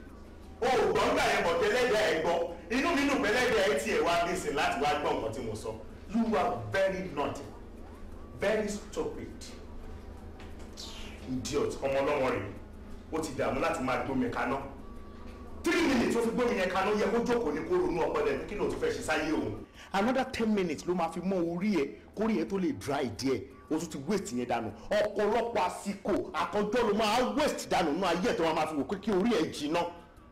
o ò yẹn bọ̀ tẹ́lẹ́dẹ̀ ẹ̀ gbọ́ inú mi nù pẹ́lẹ́dẹ̀ ẹ̀ tiẹ̀ wá dé láti wá gbọ́ nǹkan tí mo sọ you are very naughty very stupid idiot ọmọ ọlọ́wọ́ rẹ̀ ó ti dààmú láti máa gbómi kaná three minutes ó fi gbómi yẹn kaná yẹ kó jókòó ní kó ronú ọpọlẹ kí ló tún fẹ́ ṣe sáyé òun. another ten minutes ló máa fi mọ orí ẹ kórè ẹ tó lè dry díẹ̀ o tún ti waste yẹn dànù ọ̀pọ̀lọpọ̀ àsìkò àtọjọ́ ló máa waste dànù nínú ayé ẹ̀ tó máa fi wò pé kí orí ẹ jìnnà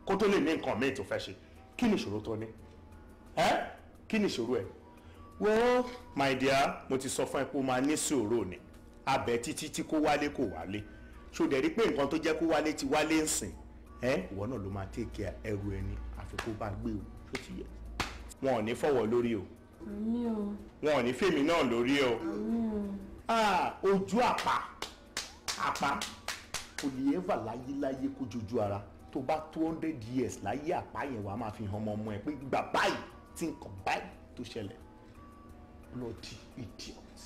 kó tó lè ní nǹkan míì tó fẹ́ ṣe kí ni ìṣòro tó ní ẹ́ kí ni ìṣòro ẹ̀ well my dear mo ti sọ fún ẹ pé o máa ní sòrò ni abẹ títí tí kò wálé kò wálé ṣó dẹ̀ rí pé nǹkan tó jẹ́ kó wálé ti wálé ń sìn ẹ́ ìwọ náà ló máa tèkè ẹrù ẹni àfi kó bá gbé o ṣó ti yẹ wọn ò ní fọwọ́ lórí o wọn ò ní fèmí náà lórí o ojú àpá àpá kò lè ẹ́fà láyéláyé kó jojú ara tó bá two hundred years láyé àpá yẹn wàá máa fi hàn ọmọ ọmọ ẹ pé gbà báyìí tí nǹkan báyìí tó ṣẹlẹ̀ bloody idiot.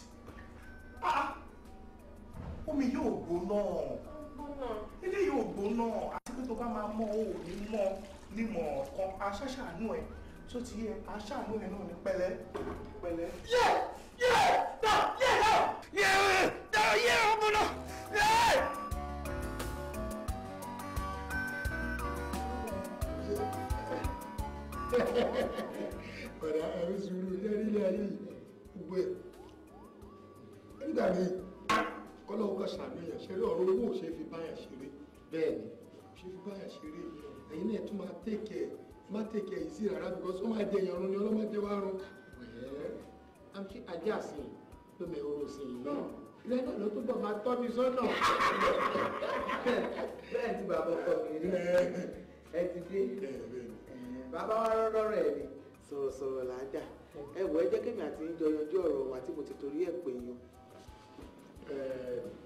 Ah! omi yóò gbóná ilé yóò gbóná àti pé tó bá máa mọ ò ní mọ nímọ̀ kan aṣáṣàánú ẹ̀ tó ti yẹ aṣáánú ẹ̀ náà ní pẹ̀lẹ́ pẹ̀lẹ́. yẹ yẹ náà yẹ náà yẹ náà yẹ ọmọ náà yẹ. ọ̀dà ẹ̀rú sùúrù lẹ́rí ilé ayé gbogbo ẹ̀ nígbà míì kọ́lọ́wọ́ kan ṣàníyàn ṣeré ọ̀rọ̀ owó ò ṣe fi báyàn ṣeré bẹ́ẹ̀ ni ò ṣe fi báyàn ṣeré ẹ̀yin náà tún máa tẹ̀kẹ̀ máa tẹ̀kẹ̀ yìí sí rárá because ó máa jẹ ìyàrún ni ọlọ́mọ jẹ wá rún. ajá sí i ló mẹ oró sí i náà ilé náà ló túbọ̀ máa tọ́ mi sọ́nà bẹ́ẹ̀ ti bàbá ọkọ mi rí ẹ ti dé bàbá wa rọ́rọ́ rẹ̀ ni sọ̀rọ̀sọ̀rọ̀ là á dà ẹ wọ ẹ jẹ́ kémi àti yín jọ yanjú ọ̀rọ̀ wa tí mo ti torí ẹ̀ pè yín.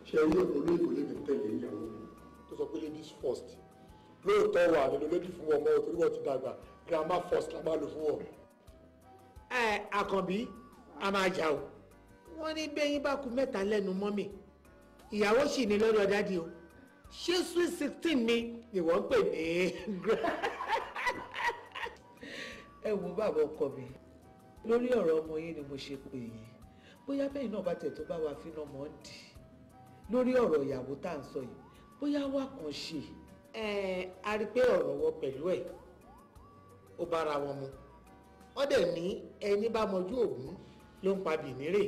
ṣe ilé ìkólé ìkólé mi tẹ̀lé ìyàwó mi tó sọ pé ladies first lóòótọ́ wà nínú lady fún ọmọ torí wọ́n ti dàgbà grandma first la máa lò fún ọ. ẹ àkànbí a máa jà o wọ́n ní bẹ́yìn bá ku mẹ́ta lẹ́nu mọ́mì ìyàwó sì ní lọ́dọ̀ dáàdi o ṣé sweet sixteen mi ni wọ́n pè ní ẹ wo bàbá ọkọ mi lórí ọ̀rọ̀ ọmọ yín ni mo ṣe pè yín bóyá bẹ́ẹ̀ náà bá tẹ̀ tó bá wa fínà mọ́ ń dì lórí ọ̀rọ̀ ìyàwó tá à ń sọ yìí bóyá wà kàn ṣe a rí pé ọ̀rọ̀ wọ pẹ̀lú ẹ̀ ó bára wọn mu wọ́n dẹ̀ ní ẹni bá mọjú òògùn ló ń pa bìnírè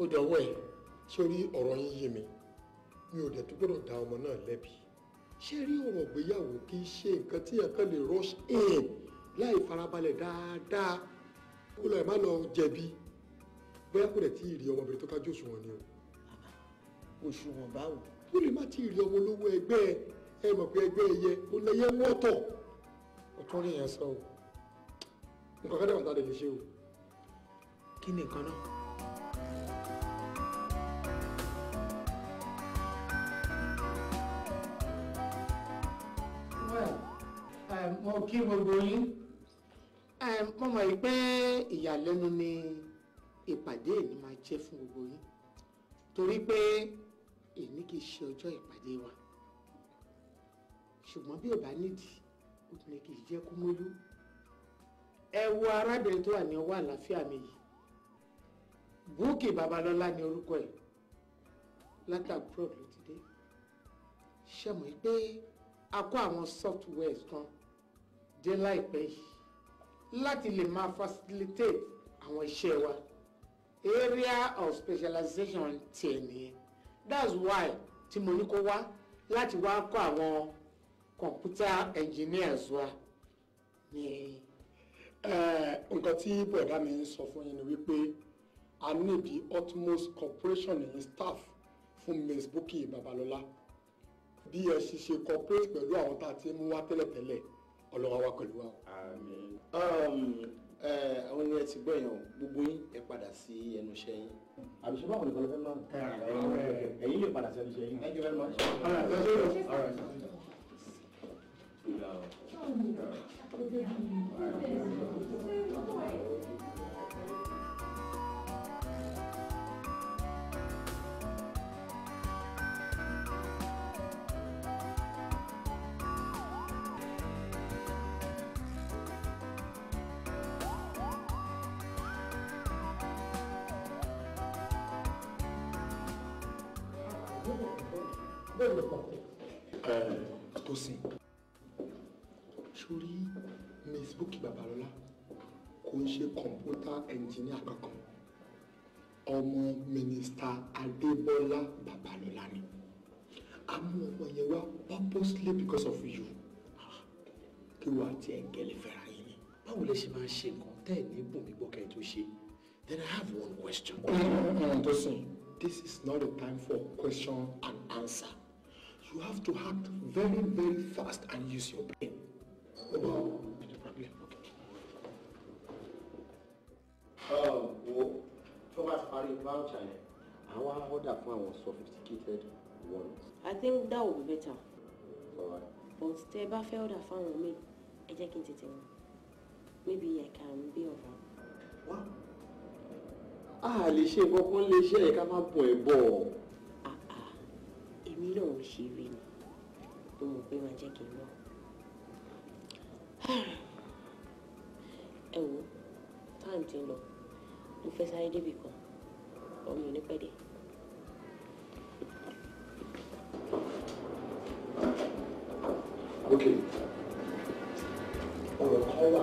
ó dọ̀wọ́ ẹ̀. sórí ọ̀rọ̀ yín yé mi mi ò dẹ̀ tó gbọ́dọ̀ dá ọmọ náà lẹ́bi ṣé rí ọ̀rọ̀ ìgbéyàwó kì í ṣe nǹkan tí ẹ̀kan lè rush in láì farabalẹ̀ dáadáa kó lọ́ọ́ má lọ jẹ̀bi bóyá kò dẹ̀ tí ì rí ọmọbìnrin tó kájú òṣùwọ̀n ni o. òṣùwọ̀n báwo. ó lè má tí ì rí ọmọ olówó ẹgbẹ́ ẹ mọ̀ pé ẹgbẹ́ ẹyẹ ó lẹyẹ mọ́tọ̀ ọ̀tún rí yẹn sọ o nǹkan kẹ́dẹ̀ wà tá a lè ṣe o. kí ni nǹkan náà. mo kí gbogbo yín mo mọ̀ yìí ìyàlẹ́nu ni ìpàdé èmi máa jẹ́ fún gbogbo yín torí pé èmi kì í ṣe ọjọ́ ìpàdé wa ṣùgbọ́n bí ò bá nídìí obìnrin kì í jẹ́ kó mójú ẹ wo arábìnrin tó wà ní ọwọ́ àlàáfíà mi yìí búùkì babalọ́lá ni orúkọ ẹ̀ látàbúrò ló ti dé ṣe mọ̀ pé a kó àwọn softwares kan dé láìpẹ́ yìí láti lè máa facilitate àwọn iṣẹ́ wa area of specialization tiẹ̀ nìyẹn that's why tí mo ní kó wá láti wá kọ́ àwọn computer engineers wa ní. Eh, nǹkan tí bọ̀dá mi ń sọ fún yín ni wípé a ní the utmost cooperation in staff fún Ms. Bukky babalola. bí ẹ ṣe ṣe cooperate pẹ̀lú àwọn tá a ti mú wá tẹ́lẹ̀tẹ́lẹ̀ ọlọ́run pẹ̀lú wa o. Um, àwọn ènìyàn ti gbọ́ yẹn o gbogbo yín ẹ padà sí ẹnu iṣẹ́ yín. àbíṣe báwo ni kọlọ́fẹ́ máa ń tẹ̀ ẹ̀yin lè padà sí ẹnu iṣẹ́ yín. thank you very much. Thank sí ní apá kan ọmọ mínísítà Adébọ́lá Babalọ́lá ni a mú ọmọ yẹn wá purposely because of you kí wọ́n àti ẹ̀ǹgẹ̀lẹ̀ fẹ́ra yín ni. báwo lẹ ṣe máa ń ṣe nǹkan tẹ́ ẹ̀ ní bùn gbọ́kẹ́ tó ṣe then I have one question. ọ̀hún tó sìn this is not the time for question and answer you have to act very very fast and use your brain. Oh. wo tó bá ti parí voucher yẹn àwọn order fún àwọn sophisticated ones. I think that would be better. but tẹ bá fẹ́ order fún àwọn míì ẹ jẹ́ kí n tètè wọn maybe I can be of help. wá a lè ṣe nǹkan kan lè ṣe ẹ̀ka máa bọ̀ ẹ̀ ah, bọ̀. Ah. èmi náà ń ṣe eré ni mo mọ̀ pé máa jẹ́ kí n mọ̀. ẹ wo time ti ń lọ mo fẹ́ sáré débì kan ọmọ ò ní pẹ́ dé. Okay. ọ̀rọ̀ kan wà.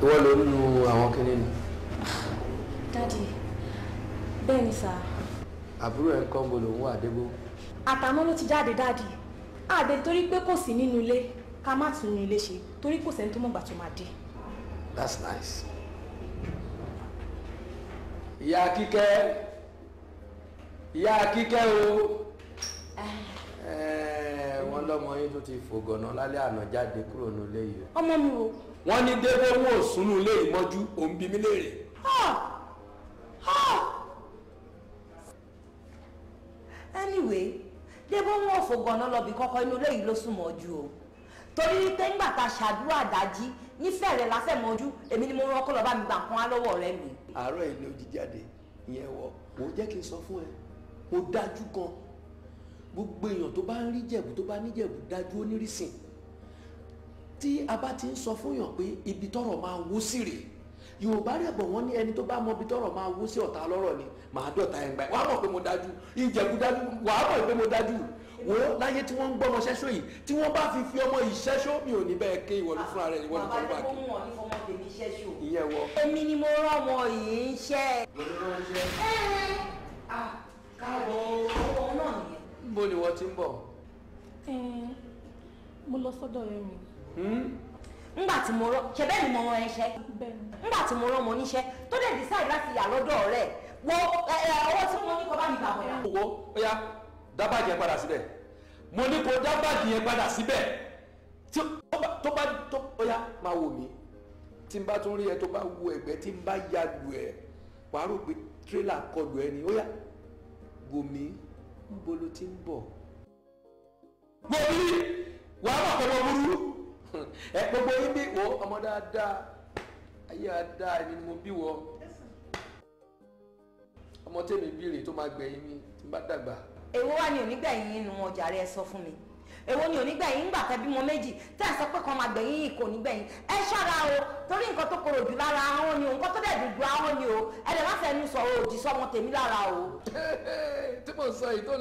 ìwọ ló ń lu àwọn kinní ni. dádì bẹ́ẹ̀ ni sà. àbúrò ẹ̀ ń kọ́ ń bo lòun wà débó. àtàmọ́ ló ti jáde dádì àdé torí pé kò sí nínú ilé ká má tún ní ilé ṣe torí kò sẹ́ni tó mọ̀gbà tó máa dé. that's nice. ìyá kíkẹ́ ìyá kíkẹ́ o eh. Eh, wọ́n lọ́mọ yín tó ti fògànà lálẹ́ àná jáde kúrò nílé yìí. ọmọ mi o wọ́n ní débé wọn ò súnú ilé ìmọ́jú òun bí mi léèrè. anyway débé wọn ò fògànà lọ́bì kọ́kọ́ inú ilé yìí ló sùn mọ́jú o torí wípé ńgbà tá a ṣàdúrà dájí nífẹ̀ẹ́rẹ́ lásẹ̀ mọ́jú èmi ni mo rán kó lọ́ọ́ bá mi gbà kan á lọ́wọ́ ọ̀rẹ́ mi. àárọ̀ ilé òjì jáde ìyẹn wọ mo jẹ́ kí n sọ fún ẹ mo dájú kan gbogbo èèyàn tó bá ń rí jẹ̀bù tó bá ní jẹ̀bù dájú ó ní rí sìn tí a bá ti ń sọ fún yàn pé ibi tọ́rọ̀ máa wú sí rè yorùbá rẹ̀ bọ̀ wọ́n ní ẹni tó bá mọ ibi tọ́rọ̀ máa wú sí ọ̀tá lọ́rọ̀ ni màá dọ̀tá ẹ̀ gbà wàá mọ̀ pé mo dájú ìjẹ̀kú dájú wàá mọ̀ pé mo dájú wo láyé tí wọ́n ń gbọ́mọ ṣẹ́ṣó yìí tí wọ́n bá fi fi ọmọ yìí ṣẹ́ṣó mi ò ní bẹ́ẹ̀ ké ìwọ fúnra rẹ̀ ìwọ ní kọ́ bá ké. ìyẹn wọ. èmi ni mo rán ọmọ yìí ń ṣe. káàbọ̀ ọmọ náà nìyẹn. níbo ni wọ́n ti ń bọ̀. mo lọ sọ́dọ̀ rẹ̀ mi. ńgbà hmm? tí mo rán ni mo mo mo decide láti yà lọ́dọ̀ ọ̀rẹ́ wo tí mo ní kó bá mi gbà oya tí wò mí bá tún rí ẹ tó bá wo tí n bá ya ẹ pé ẹ ni oya wò mí ti bọ̀. wò mí ẹ eh, gbogbo yín bí wo ọmọ dáadáa ayé adáa ẹni ni mo bí wọ ọmọ tèmi bí tó máa gbẹ̀yìn mi tí n èwo wá ni onígbẹ̀yìn nínú ọjà rẹ sọ fún mi èwo ni onígbẹ̀yìn ńgbà tẹ́ méjì tẹ́ ẹ̀ sọ pé máa gbẹ̀yìn yìí kò ní gbẹ̀yìn ẹ ṣọ́ra o torí nǹkan tó korò jù lára ahọ́n ni o nǹkan tó dẹ̀ dùn ju ni o ẹ má fẹnu sọ tèmi lára o. tí mo sọ yìí tó ń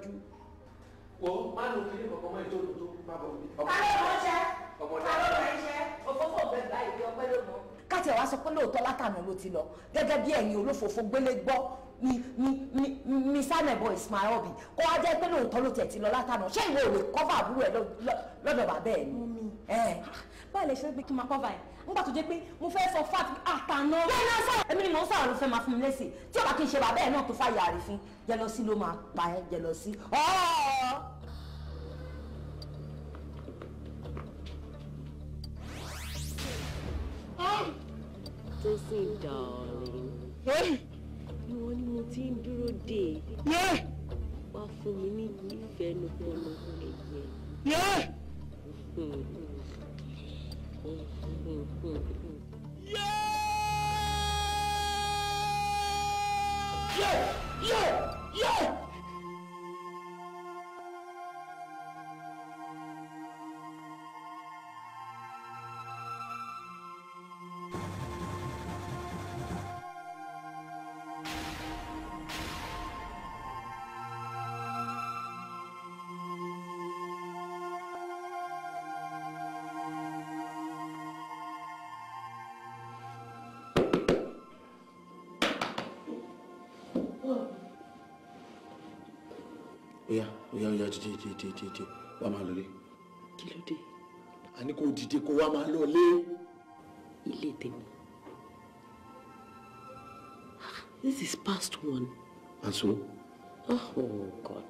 le wo máa nu kiri kankan mọ ètò òdòdó má bọ bí. kálọ̀ ló ń ṣe ọmọdé kálọ̀ ló ń ṣe òfófó ọ̀bẹ gba ìdí ọpẹ́ ló mọ. káti ẹ̀ wá sọ pé lóòótọ́ látànà ló ti lọ gẹ́gẹ́ bí ẹ̀yin olófòfó gbélé gbọ́ mi mi mi mi sanẹ̀bọ̀ Ismail Obi kó wá jẹ́ pé lóòótọ́ ló tẹ̀ ti lọ látànà ṣé ìwé òwe kọ́fà àbúrò ẹ̀ lọ́dọ̀ bàbá ẹ̀ ni báyìí lè ṣe pé kí n máa cover ẹ̀ nígbà tó jẹ́ pé mo fẹ́ sọ fat àtàná. bẹ́ẹ̀ náà sọ̀rọ̀ èmi ni mò ń sọ̀rọ̀ ló fẹ́ máa fún mi lẹ́sìn tí ọba kì í ṣe bàbá ẹ̀ náà tó fàyà àrífín jẹ́lọ́sí ló máa pa ẹ́ jẹ́lọ́sí. sísè darling ìwọ ni mo ti ń dúró dè wá fún mi ní ìfẹnukọnu ẹ̀yẹ. Hmm. Yeah! Yeah! Yeah! oya oya dìde dìde dìde wàá máa lọlé. kí ló dé. a ní kó dìde kó wàá máa lọlé. ilé tèmi this is past one. and oh god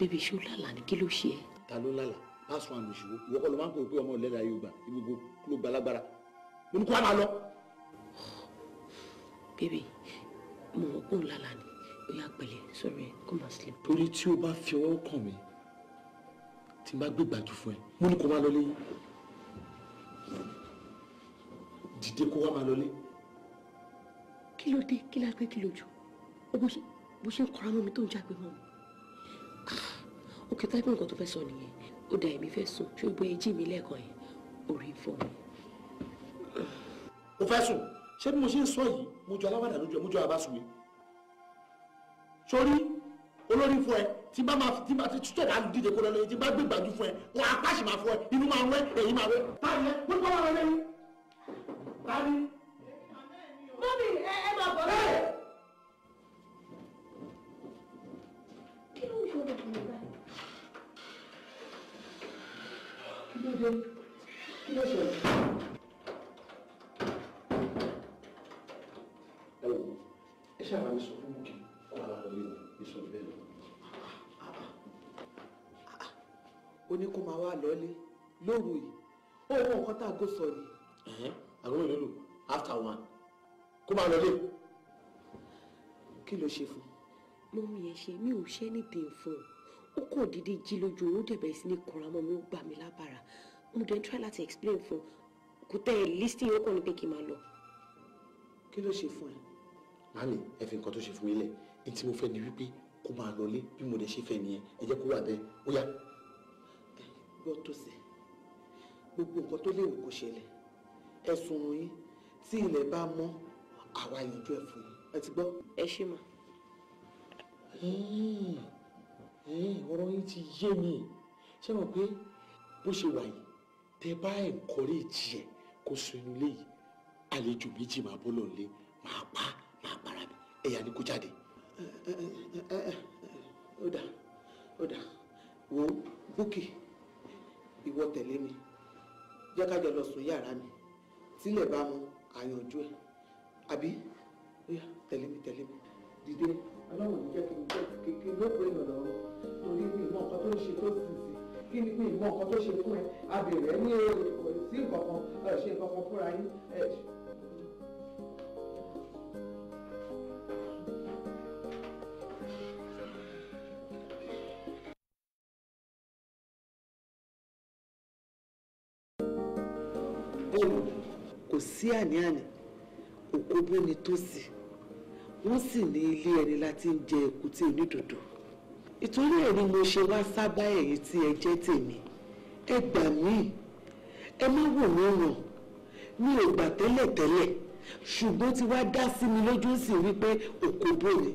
baby ṣé o lálàá ni kí ló ṣe ta ló lálàá past one lóṣù wo ìwọ kọ́ ló máa ń pè pé ọmọ ìlera yóò gbà ibi gbogbo ló gba lágbára mo ní kó wàá máa lọ. baby mo mọ̀ pé òun lálàá ni ó yà pẹ̀lẹ́ sorry go and sleep. torí tí o bá fi ọwọ́ kàn mí tí n bá gbé gbàjú fún ẹ mo ní kó wá lọ lé dìde kó wá máa lọ lé. kí ló dé kí la gbé kí ló jù ó bó ṣe ń kọra mọ́ mi tó ń jágbe mọ́ mi òkè ah, táìpé nǹkan tó fẹ́ sọ nìyẹn ó da èmi fẹ́ sùn ṣùgbọ́n ẹjí mi lẹ́ẹ̀kan yẹn orí fọ́ mi. mo fẹ́ sùn ṣé bí mo ṣe ń sọ yìí mo jọ aláwàdà lójú ẹ mo jọ àbá sùn mi sórí olórí fún ẹ e, tí bá máa tí bá ti tútọ̀ láti dìde kó lọ lórí tí bá gbé gbàjú fún ẹ e, wọn apá sì máa fún ẹ e, inú máa wẹ ẹ̀yìn máa wẹ. táyé gbogbo àwọn ọmọ ẹlẹ́yìn táyé. wa lọ́lé lóru yìí owó nǹkan tá a gò sọ ni. àwọn èèyàn lò after one kó máa lọlé. kí ló ṣe fún. mo mi ẹ ṣe mi ò ṣe anything fún un ó kàn dídí jí lójú oorun dẹ̀bẹ̀ sí ní kọra mọ́ mi ó gbà mí lábàrà mo dẹ̀ ń try láti explain fún un kò tẹ́ ẹ listing ó kàn ní pé kí n máa lọ. kí ló ṣe fún ẹ. màámi ẹ fi nǹkan tó ṣe fún mi lẹ ní tí mo fẹ́ ni wípé kó máa lọlé bí mo dẹ̀ ṣe fẹ́ nìyẹn ẹ jẹ́ kó wà bẹ́ẹ̀ ó yá gbọ́ tòsí gbogbo nǹkan tó léwu kò ṣẹlẹ̀ ẹ̀sùn yín tí ilẹ̀ bá mọ́ àwa yanjú ẹ̀ fún yín ẹ ti gbọ́. ẹ ṣe mà. Hmm. Hmm. ọ̀rọ̀ yín ti yé mi ṣé mo pé bó ṣe wà yìí tẹ bá ẹ̀ ń kọrí ìjì ẹ̀ kó sunú ilé yìí àlejò méjì máa bọ́ lọ́nlé máa pa máa para mi ẹ̀yà ni kó jáde. ó dà ó dà wò ó bókè ìwọ tẹ̀lé mi jẹ́ ká jọ lọ sùn yàrá mi tílẹ̀ bá mu àyànjú ẹ̀ àbí ó yá tẹ̀lé mi tẹ̀lé mi dìde ọlọ́run jẹ́ kí n jẹ́ kékeré lóko èèyàn lọ́rùn torí mi ìmọ̀ nǹkan tó ń ṣe tó sì sí kí ni mi ìmọ̀ nǹkan tó ṣe fún ẹ abèrè ní èrò sí nǹkan kan ṣe nǹkan kan fúnra yín kò sí àní-àní òkóbó ni tó sì wọ́n sì ní ilé ẹni láti ń jẹ èkúté onídòdó ìtorí ẹ̀ ni mo ṣe wá sábà ẹ̀yìn tí ẹ jẹ́ tèmi ẹ gbà mí ẹ má wò mí ràn mi ò gbà tẹ́lẹ̀ tẹ́lẹ̀ ṣùgbọ́n tí wàá dá sí mi lójú sí wípé òkóbó ni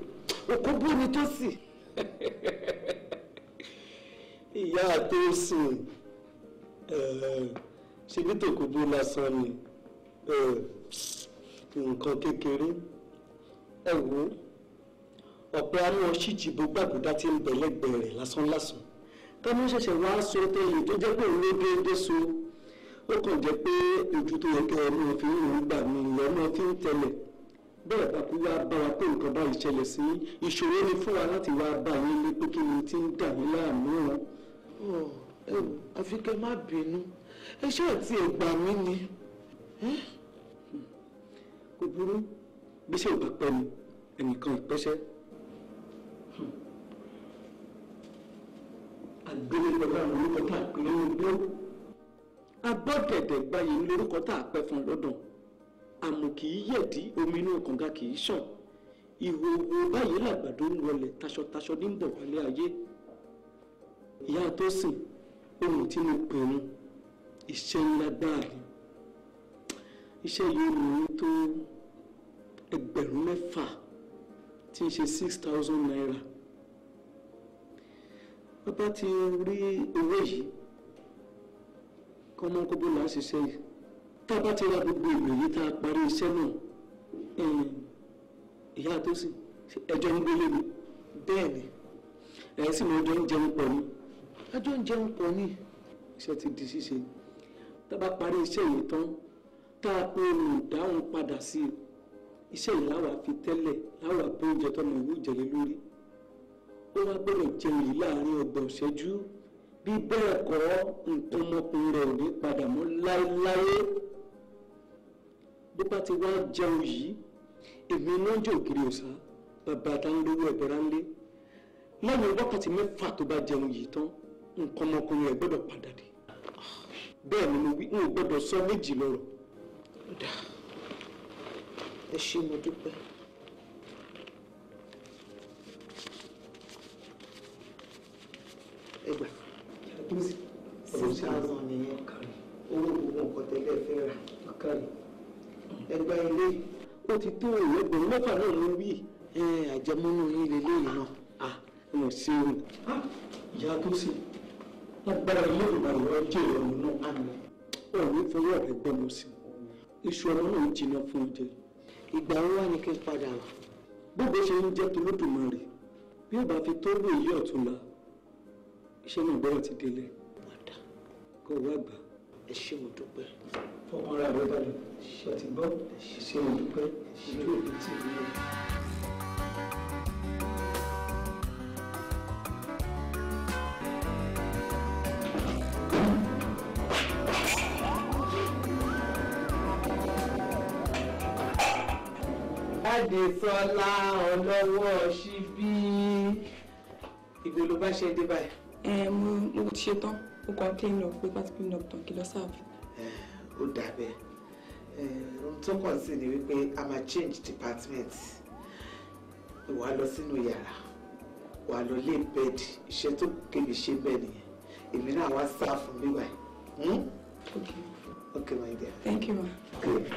òkóbó ni tó sì. ìyá tó sùn ṣebí tòkóbó lásán ni nǹkan kékeré ẹ wò ó ọ̀pẹ amúọ̀ṣíjì bó gbàgbọ́dá ti ń bẹ̀ lẹ́gbẹ̀ẹ́ rẹ̀ lásánlásán tọ́mọ ṣẹ̀ṣẹ̀ wá so tẹ́lẹ̀ tó jẹ́ pé òun ló déédéé so ó kàn jẹ́ pé ojú tó yẹ kẹ́ ẹ máa fi ń rìn gbà mí lẹ́ máa fi ń tẹ̀lẹ̀ bẹ́ẹ̀ bàbá wá bá wa pé nǹkan báyìí ṣẹlẹ̀ sí ìṣòro ni fún wa láti wá bá yín lé pé kí ni ti ń dà mí láàmú o. ẹ wò àfi má bínú ẹ ṣáà ti gbà mí ni kò burú bíṣẹ́ ò bá pẹ́ ni ẹnìkan ìpẹ́ṣẹ́ àgbélépọ̀ láwọn orúkọ tá a pè é ní igbó abọ́dẹ̀dẹ̀ gbayì ní orúkọ tá a pẹ́ fún lọ́dọ̀ àmọ́ kì í yẹ̀dí omi inú kànga kì í ṣàn ìhòòhò báyìí làgbàdo ń wọlẹ̀ taṣọtaṣọ ní bọ̀ ayé ìyá tó sìn ohun tí mo pè ń iṣẹ́ ńlá gbáà iṣẹ́ yìí mi ní tó ẹgbẹ̀rún mẹ́fà tí ń ṣe six thousand naira bàbá ti rí owó yìí kọ́ mọ́ kó bó là á ṣiṣẹ́ yìí tá a bá ti ra gbogbo ìwé yìí tá a parí iṣẹ́ náà ìyá tó sì ẹjọ́ ń gbélé mi bẹ́ẹ̀ ni ẹ̀ sì mọ ọjọ́ ń jẹun pọ̀ ni ọjọ́ ń jẹun pọ̀ ni iṣẹ́ ti di ṣíṣe tá a bá parí iṣẹ́ yìí tán tá a pé mi ò dáhùn padà sí i iṣẹ́ yìí láwa fi tẹ́lẹ̀ láwa bó oúnjẹ tọ́mọ ìwé ìjẹ̀lẹ̀ lórí ó wá gbọ́dọ̀ jẹun yìí láàrin ọgbọ̀n ìṣẹ́jú bí bẹ́ẹ̀ kọ́ nǹkan ọmọkùnrin rẹ̀ ò ní padà mọ́ láéláé bó bá ti wá jẹun yìí èmi náà jẹ́ òkiri òsà bàbá àtàndówó ẹ̀bọ̀rá ńlé lẹ́yìn wákàtí mẹ́fà tó bá jẹun yìí tán nǹkan ọmọkùnrin rẹ̀ gbọ́dọ̀ padà dé bẹ́ẹ̀ ni mo wí n ò gbọ́dọ̀ sọ méjì lọ́rọ̀ ẹ ṣé mo dúpẹ́. ẹgbà six thousand nìyẹn owó gbogbo nǹkan tẹ́lẹ̀ fẹ́ rà ẹgbà ilé ó ti tó ìwé ẹgbẹ̀rún mẹ́fà náà ló wí àjẹmọ́nú yín lélẹ́yìn náà ah mo ṣe o. ìyá tó sì lágbára ilé ìgbà ìwà jẹ́ ìrọ̀rùn náà. òní fọwọ́ rẹ̀ gbọ́n mo sí iṣu ọmọ náà jiná fún jẹ ìgbà wo wá ni kí n padà wá. bóbó ṣe ń jẹ́ tolódùmarè bí ó bá fi tó wò yí ọ̀túnla iṣẹ́ náà gbọ́dọ̀ ti délé. padà kó wá gbà. ẹ ṣé mo dúpẹ́. fọkànra rẹ balẹ̀ ṣe ti gbọ́ ẹ ṣé mo dúpẹ́ ìlú òbí ti rí i. Adésọlá ọlọ́wọ́ ṣíbí. Ìgbò ló bá ṣe dé báyìí. Ẹ mo mo ti ṣe tán, mo kàn clean up pé pàtí clean up tán kí lọ sáàbù. Ó dà bẹ́ẹ̀. Ohun tó kàn sí ni wípé a máa change department. Ìwà lọ sínú yàrá, wà lọ lé bẹ́ẹ̀dì, iṣẹ́ tó kébì ṣe bẹ́ẹ̀ nìyẹn. Èmi náà wá sáà mi báyìí. Hmm? Okay. Okay, my dear. Thank you, ma. Good.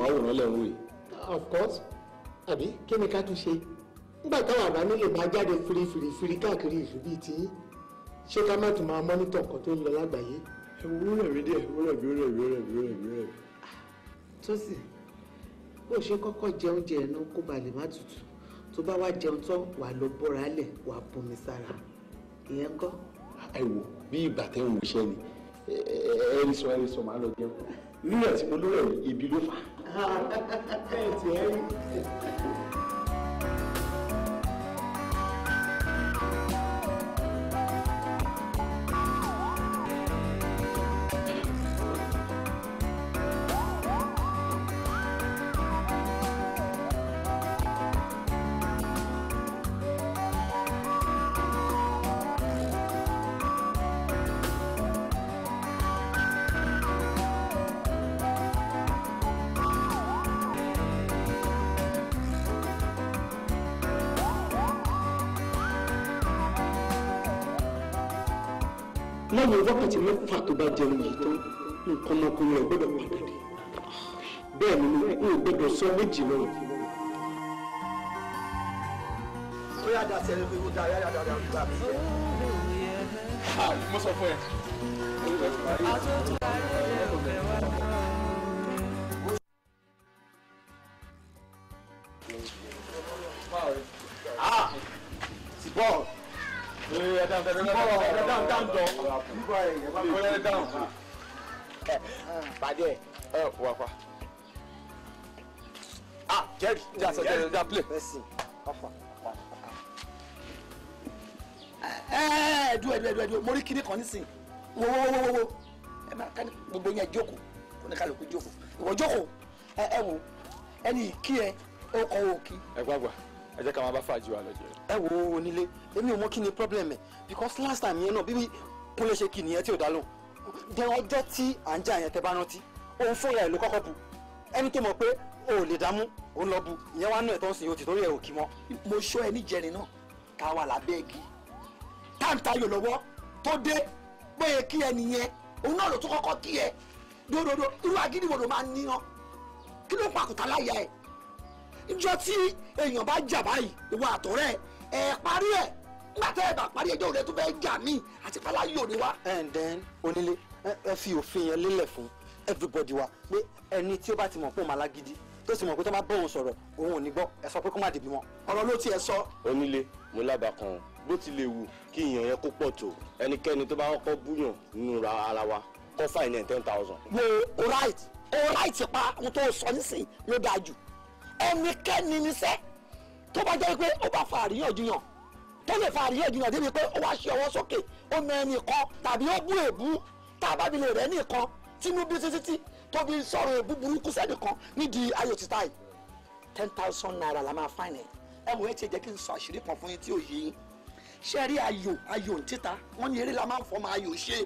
móhùnmáwòrán lẹ̀ ń of course àbí kí ni ká tún ṣe nígbà táwọn àgbà nílé máa jáde firifirifiri káàkiri ìlú bíi ti ṣé ká má tún máa mọ́nítọ̀ nǹkan tó ń lọ lágbàáyé. ẹ wo rẹ̀ mí díẹ̀ ó rẹ̀ mí ó rẹ̀ mí ó rẹ̀ mí ó rẹ̀ mí ó rẹ̀ mí. tó sì bó ṣe kọ́kọ́ jẹ oúnjẹ ẹ̀ náà kó ba lè má tutù tó bá wá jẹun tán wà lọ bọ́ra lẹ̀ wà bomi sára ìyẹn kọ́. ẹ wo bí ìgbà tẹ́ ń wọṣẹ́ ni ẹ ẹ ẹ ẹ sọ ẹ sọ màá lọ jẹun rírẹ̀ tí mo lórẹ̀ ibi ló fà á. 哈哈，太绝了。lẹ́yìn wákàtí mẹ́fà tó bá jẹun yìí tán nǹkan ọmọkùnrin rẹ̀ gbọ́dọ̀ padà dé bẹ́ẹ̀ ni n ò gbọ́dọ̀ sọ méjì lọ. ó yà dá sẹ́yìn fún ìwúta yà dá dá gbà mí. mo sọ fún ẹ. àtúntò ayé òkè wá náà. Sibọ. Sibọ. Sibọ. Sibọ pàdé ẹ wà pa ah jerry jasa jerry ja play. ẹ ẹ dúró dúró dúró dúró mo rí kíní kan nísìnyí wo wo wo wo ẹ máa ká ní gbogbo yẹn jókòó kó ní kálukú jókòó ìwọ jókòó ẹ ẹ wo ẹni kí ẹ ó kọ owó kí. ẹ gbàgbà ẹ jẹ́ ká máa bá fàájì wa lọ jẹ. ẹ wo onílé èmi ò mọ kí ni problem ẹ because last time yẹn náà bíbí kúnlẹ̀ ṣe kì nìyẹn tí ò dá lóhùn dẹ ọjọ́ tí à ń jà yẹn tẹ bá rántí òun fúnra ẹ̀ ló kọ́kọ́ bu ẹni tó mọ̀ pé o ò lè dààmú òun lọ bu ìyẹn wá nù ẹ̀ tó ń sìn yóò ti torí ẹ̀ ò kì mọ́. mo ṣọ́ ẹ níjẹrin náà ká wà lábẹ́ igi táǹtayò lọ́wọ́ tó dé pé kí ẹ nìyẹn òun náà ló tún kọ́kọ́ kí ẹ dòdòdò irú agídí wo ló máa ń níyàn kí ló pa àkùtà láyà ẹ níjọ́ tí èèyàn bá jà báyìí ìwà àtọ̀rẹ́ ẹ parí ẹ̀ gbàtẹ́ ẹ̀ parí ẹjọ́ rẹ tó fẹ́ jà mí àti pálá yóò ní wa. and then onílé ẹ fi òfin yẹn lélẹ̀ fún everybody wa pé ẹni tí ó bá ti mọ̀ pé òun alágídí tó sì mọ̀ pé tó bá bọ̀rùn sọ̀rọ̀ òun ò ní gbọ́ ẹ sọ pé kó má dìbì wọn. ọ̀rọ̀ ló tiẹ̀ sọ. onílé mo lábàá kan bó ti lè wù kí ìyàn yẹn kó pọ̀ tó ẹnikẹ́ni tó bá kọ́kọ́ búyàn nínú ara wa kọ́ fáìní ẹ̀ ten thousand. wo alright alright pa ohun tó sọ nísìnyí ló dáa jù ẹnikẹ́ni níṣẹ́ tó bá jẹ́ pé ó bá fa àríyànjiyàn tó lè fa àríyànjiyàn débi pé ó wá ṣe ọwọ́ sókè ó mẹ ẹnìkan tàbí ó bú èbú tá a bá fi lè rẹ́ nìkan tínú bí títí tó fi sọ̀rọ̀ èbú burúkú sẹ́nìkan nídìí ayò títà yìí ten thousand naira la máa fáìn ẹ̀ ẹ wò ẹ ti jẹ́ kí n sọ àṣírí kan fún yín tí ò yé yín ṣe rí ayò ayò títa wọ́n ní eré la máa ń fọmọ ayò ṣe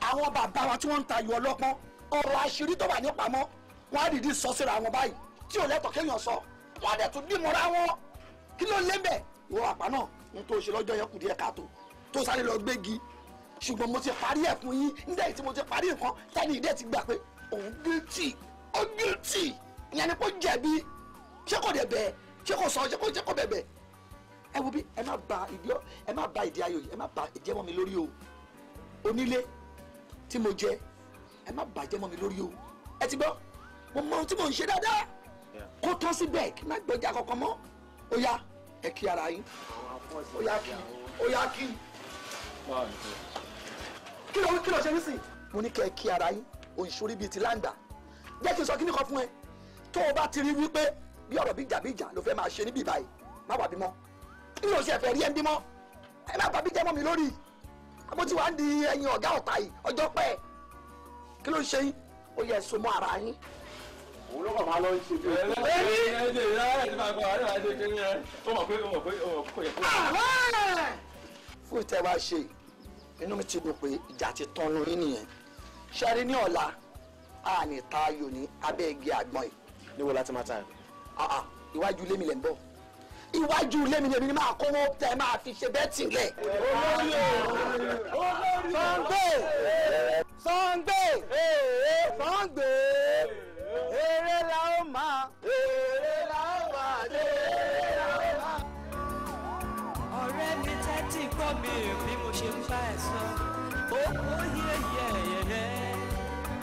àwọn bàbá wa tí wọ́n ń ta ayò ọlọ́pọ́n ọ̀rọ̀ àṣírí tó wà ní pamọ́ wọ́n á dìde sọ síra wọn báyìí tí ò lẹ́tọ̀ọ́ kéèyàn sọ wọ́n á dẹ̀ tún dìmọ̀ra wọn kí ló lé bẹ̀ ìwọ àpá náà n tó ṣe lọ́jọ́ yẹn kù díẹ̀ káàtó tó sáré lọ gbégi ṣùgbọ́n mo ti parí ẹ̀ fún yín nígbà tí mo ti parí nǹkan tẹ́lẹ̀ ìdẹ́ ti gbà pé òun guilty ó guilty ìyẹn ni kò jẹ̀bi ṣé kò dẹ̀ bẹ̀ ṣé kò sọ ṣé kò ṣé kò bẹ̀ bẹ̀ ẹ wo bí ẹ má ba ìdí ẹ má ba ìdí ayọ̀ yìí ẹ má ba ìdí ẹmọ mi lórí o onílé tí mo jẹ ẹ má bàjẹ́ mọ́ mi lórí o ẹ ti gbọ́ mo mọ ohun tí mò ń ṣe dáadáa kó tán síbẹ̀ kí n má gbọ́jà kankan mọ́ ó yá ẹ kí ara yín ó yá kí ó yá kí. kí ló kí ló ṣe nísìn. mo ní kẹ́ ẹ kí ara yín òyìnṣorí bíi ti láǹgbà jẹ́ kí n sọ kí nìkan fún ẹ tó o bá ti rí wípé bí ọ̀rọ̀ bíjà bíjà ló fẹ́ máa ṣe níbí báyìí má wà bímọ kí ló ṣe ẹ̀fẹ̀ rí ẹ ń bímọ ẹ má bàbí jẹ́ mọ́ mi lórí mo ti wá ń di ẹyin ọ̀gá ọ̀tá yìí ọjọ́ pẹ́ kí ló ń ṣe yín ó yẹ so mọ́ ara yín òun ló kàn máa lọ ṣe bí. ẹni ẹni ẹni ẹni máa gbọ́ àárẹ̀ àti kí ni ẹ ó mọ̀ pé ó mọ̀ pé ó mọ̀ pé kò yẹ kó. fún ìtẹ́ wa ṣe inú mi ti dùn pé ìjà ti tán lórí nìyẹn ṣe rí ní ọ̀la a ní ta ayò ní abẹ́ igi iwájú ilé mi lèmi ni máa kówó tẹ máa fi ṣe bẹ́ẹ̀tì lẹ̀. olórí o Sàngó èrè la ó máa. èrè la ó máa dé èrè la ó máa. ọ̀rẹ́ mi tẹ́tí gbọ́ mi bí mo ṣe ń bá ẹ sọ ó kó yẹ yẹ rẹ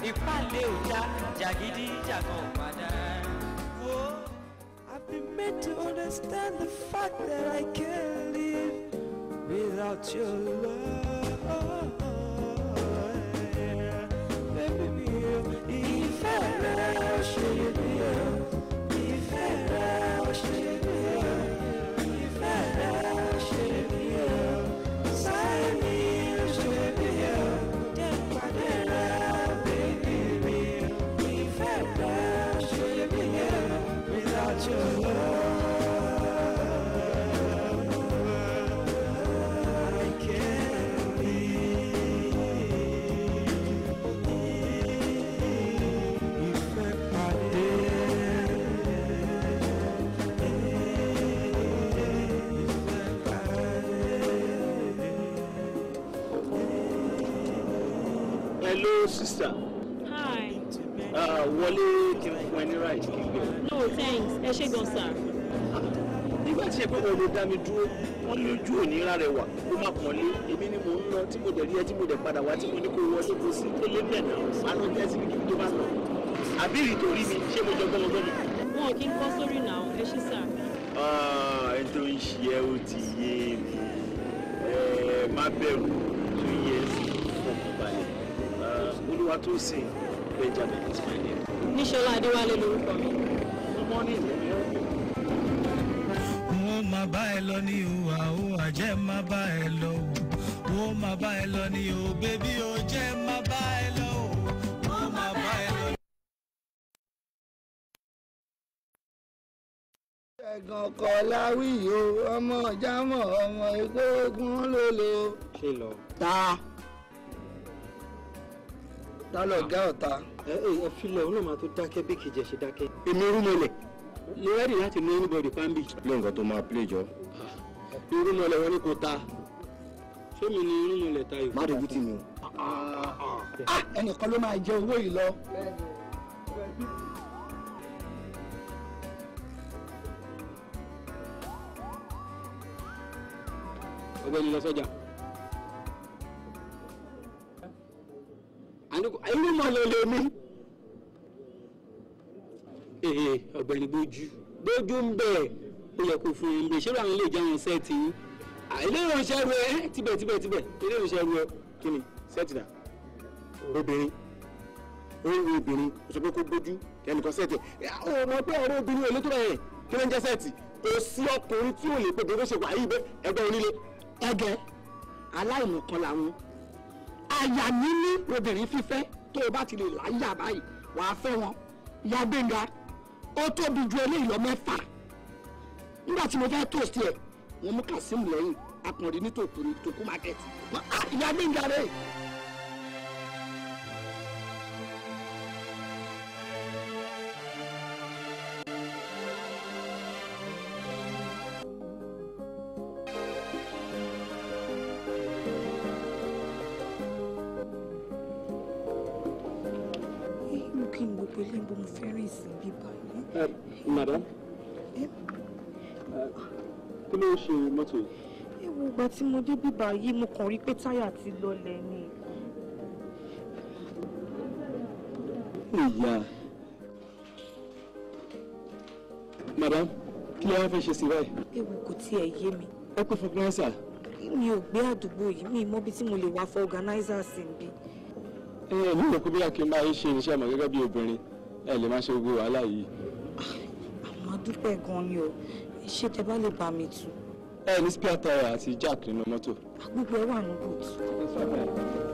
ìpàlẹ̀ òjá jàgídí jàgàn padà. I've been made to understand the fact that I can't live without your love. hello sister. hi. Uh, wọlé kí n fún ẹ ní right kí n gbé. no thanks ẹ ṣé gan sir. nígbà tí ẹ pé wọn ló dá mi dúró wọn lé ojú òní rárẹ wà kó má pọ̀ lé èmi ni mò ń lọ tí mo dẹ̀ rí ẹ tí mo dẹ̀ padà wá tí mo ní kó wọlé kó sí tó lé náà àná tẹ́ sí kí n tó bá lọ. àbí ìrìtòrí mi ṣé mo jọ gbọmọgbọmọ. wọn kì í kọ sórí náà ẹ ṣé sir. Ah, ẹni tó ń ṣe ẹ ó ti yé mi má bẹ̀rù olúwa tó sìn benjamin is my name. níṣọlá adéwálé lórúkọ mi. ọmọ ní ìlú ó máa bá ẹ lọ ní ìhùwà ó àjẹ́ máa bá ẹ lọ ó máa bá ẹ lọ ní ìhùwà bébí ó jẹ́ máa bá ẹ lọ ó máa bá ẹ lọ. ẹ̀gàn ọkọ̀ láwí yìí o ọmọ jámọ̀ ọmọ ìgbógun ló lò. ṣe lọ. ta ta lọ gá ọ̀tá. ẹ ẹ ọfíìlẹ òun náà máa tó dákẹ́ bí kìí jẹ ṣe dákẹ́. èmi rúmọlẹ̀. mo rẹ́dì láti ní anybody pambi. ilé nǹkan tó máa play jọ. Ah, irúmọlẹ̀ wọn ni kò ta ṣé mi ni irúmọlẹ̀ Táyọ̀. má dojú tì mí o. Ah, ah, ẹnìkan ló máa jẹ owó yìí lọ. ọgbẹ́ni lọ sọ́jà. inú mọ̀lẹ́lẹ́ mi. ee ọ̀gbẹ́ni gbójú gbójú ń bẹ̀ ó yẹ kó fún un bẹ̀ ṣé àwọn ilé ìjẹun sẹ́ẹ̀tì yín ilé ìrànṣẹ́ ru ẹ tibẹ̀ tibẹ̀ tibẹ̀ ilé ìrànṣẹ́ ru ẹ kí ni sẹ́ẹ̀tì náà obìnrin ó ń wo obìnrin ó sọ pé kó gbójú ẹnìkan sẹ́ẹ̀tì ó mọ pé ọ̀rọ̀ obìnrin èlé tó rẹ̀ yẹn kí ló ń jẹ́ sẹ́ẹ̀tì kò sí ọkùnrin tí ò lè pè bó ṣe wà yìí bẹ́ ẹgbẹ́ onílé. ẹgẹ aláìmọ̀kan làwọn àyà níní obìnrin fífẹ́ tó o bá ti lè láyà báyìí wàá fẹ́ wọn ìyá gbẹ̀ngà ó tóbi ju eléyìí lọ mẹ́fà nígbà tí mo fẹ́ toast yẹ wọ́n mú Kazeem lẹ́yìn akànrin ní tòkú market ah, ìyá gbẹ̀ngà rẹ̀. gbogbo ilé mo fẹ́ rìn bíbá yìí. Eh, madam eh? Eh, kí ló ń ṣe mọ́tò yìí. ewu ìgbà tí mo dé bíbá yìí mo kàn rí pé táyà ti lọlẹ̀ ni. ìyá madam kí ló wá fẹ́ ṣe sí báyìí. ewu kò tiẹ̀ yé mi. ẹ kó fọkàn ẹ sà. mi ò gbé àdúgbò yìí mi mọ́bi tí mo lè wá fọ organizer sí bí ẹ ní ìlú kúbíyà kí n bá yín ṣe iṣẹ́ mọ̀ gẹ́gẹ́ bí obìnrin ẹ lè má ṣe gbogbo wàhálà yìí. àwọn adúpẹ́ gan ni o ṣé tẹ bá lè bá mi tù. ẹ ní spare tire àti jack nínú mọ́tò. àgbègbè wà ní bòtù.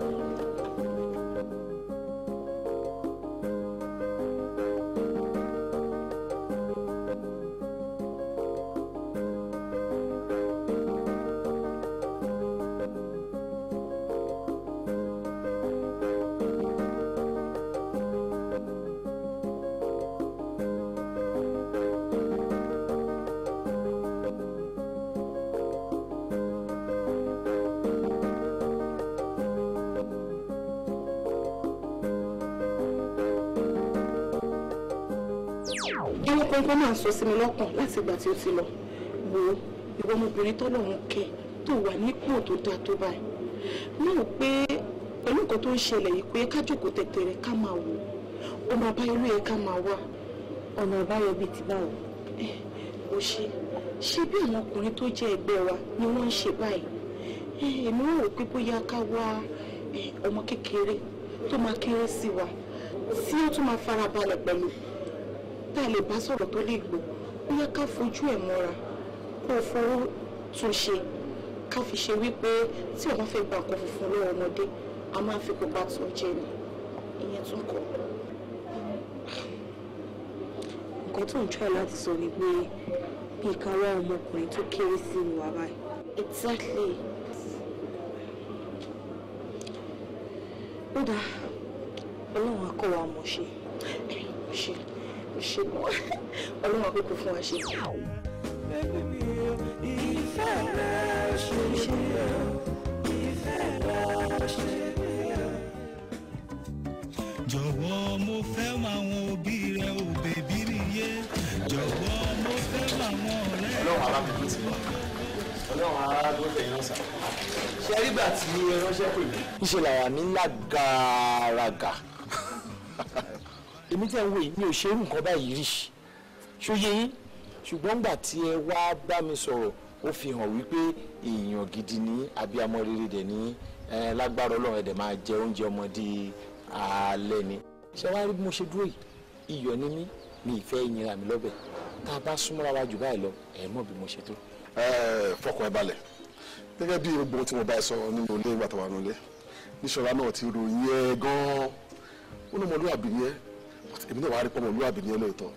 sọ sí mi lọ́kàn láti ìgbà tí ó ti lọ wo ìwọ ọmọbìnrin tọ́lọ́run kẹ tó wà nípò tó dáa tó báyìí mi ò pé pẹ̀lú nǹkan tó ń ṣẹlẹ̀ yìí pé ká jókòó tẹ̀tẹ̀rẹ̀ ká máa wò ọmọ àbáyọ ló yẹ ká máa wà. ọ̀nà àbáyọ bíi ti báwo. ó ṣe ṣé bí àwọn ọkùnrin tó jẹ́ ẹgbẹ́ wa ni wọ́n ń ṣe báyìí èmi ò rò pé bóyá ká wá ọmọ kékeré tó máa kéré sí wa tí ó tún máa farabalẹ̀ pẹ̀lú tá a lè bá sọ̀rọ̀ tó lè gbọ́ ó yẹ ká fojú ẹ̀ mọ́ra kó fowó tún ṣe ká fi ṣe wípé tí ọmọ fẹ́ gba nǹkan funfun lọ́wọ́ ọmọdé a máa fi kópa tún jẹ ni ìyẹn tún kọ́. nǹkan tó ń tọ́ láti sọ ni pé bí ìkáwọ́ ọmọkùnrin tó kéré sí mi wà báyìí. exactly. ó dáa ọlọ́run á kọ́ ṣe ṣe mọ́ ọlọ́run pé kò fún wa ṣe. ìfẹ́ rẹ̀ ṣe ṣe ìfẹ́ rẹ̀ ṣe jọ̀wọ́ mo fẹ́ máwọn òbí rẹ ò bèbí nìyé jọ̀wọ́ mo fẹ́ máwọn ọ̀rẹ́ rẹ. ọlọ́run alábìbí ti wá ọlọ́run aráàlú tẹ̀yìn ọ̀sà ṣe rígbà tí ẹ ránṣẹ́ pè mí. ń ṣe làwọn mi ń lágàáràgà. èmi tẹ̀ ń wò yìí mi ò ṣe irú nǹkan báyìí rí ṣòye yín ṣùgbọ́n gbà tí ẹ wá bá mi sọ̀rọ̀ ó fi hàn wípé èèyàn gidi ní abiyamọ rere dẹ̀ ní lágbára ọlọ́run ẹ̀dẹ̀ máa jẹ oúnjẹ ọmọdé alẹ́ ni ṣé wàá rí bí mo ṣe dúró yìí iyọ̀ ni mí mi ìfẹ́ ìyìnra mi lọ́bẹ̀ tá a bá súnmọ́ra wa jù báyìí lọ ẹ̀ mọ̀ bí mo ṣe tó. ẹ fọkàn ẹ balẹ̀ gẹ́gẹ́ bí gbogbo tí mo bá sọ nínú ilé ìgbà tó wà nílé níṣọ́ra náà ti ròyìn ẹ gan-an ó ní ni ẹ èmi náà wàá rí pọ́nmọ́ olúwàbí ní ẹlẹ́tọ̀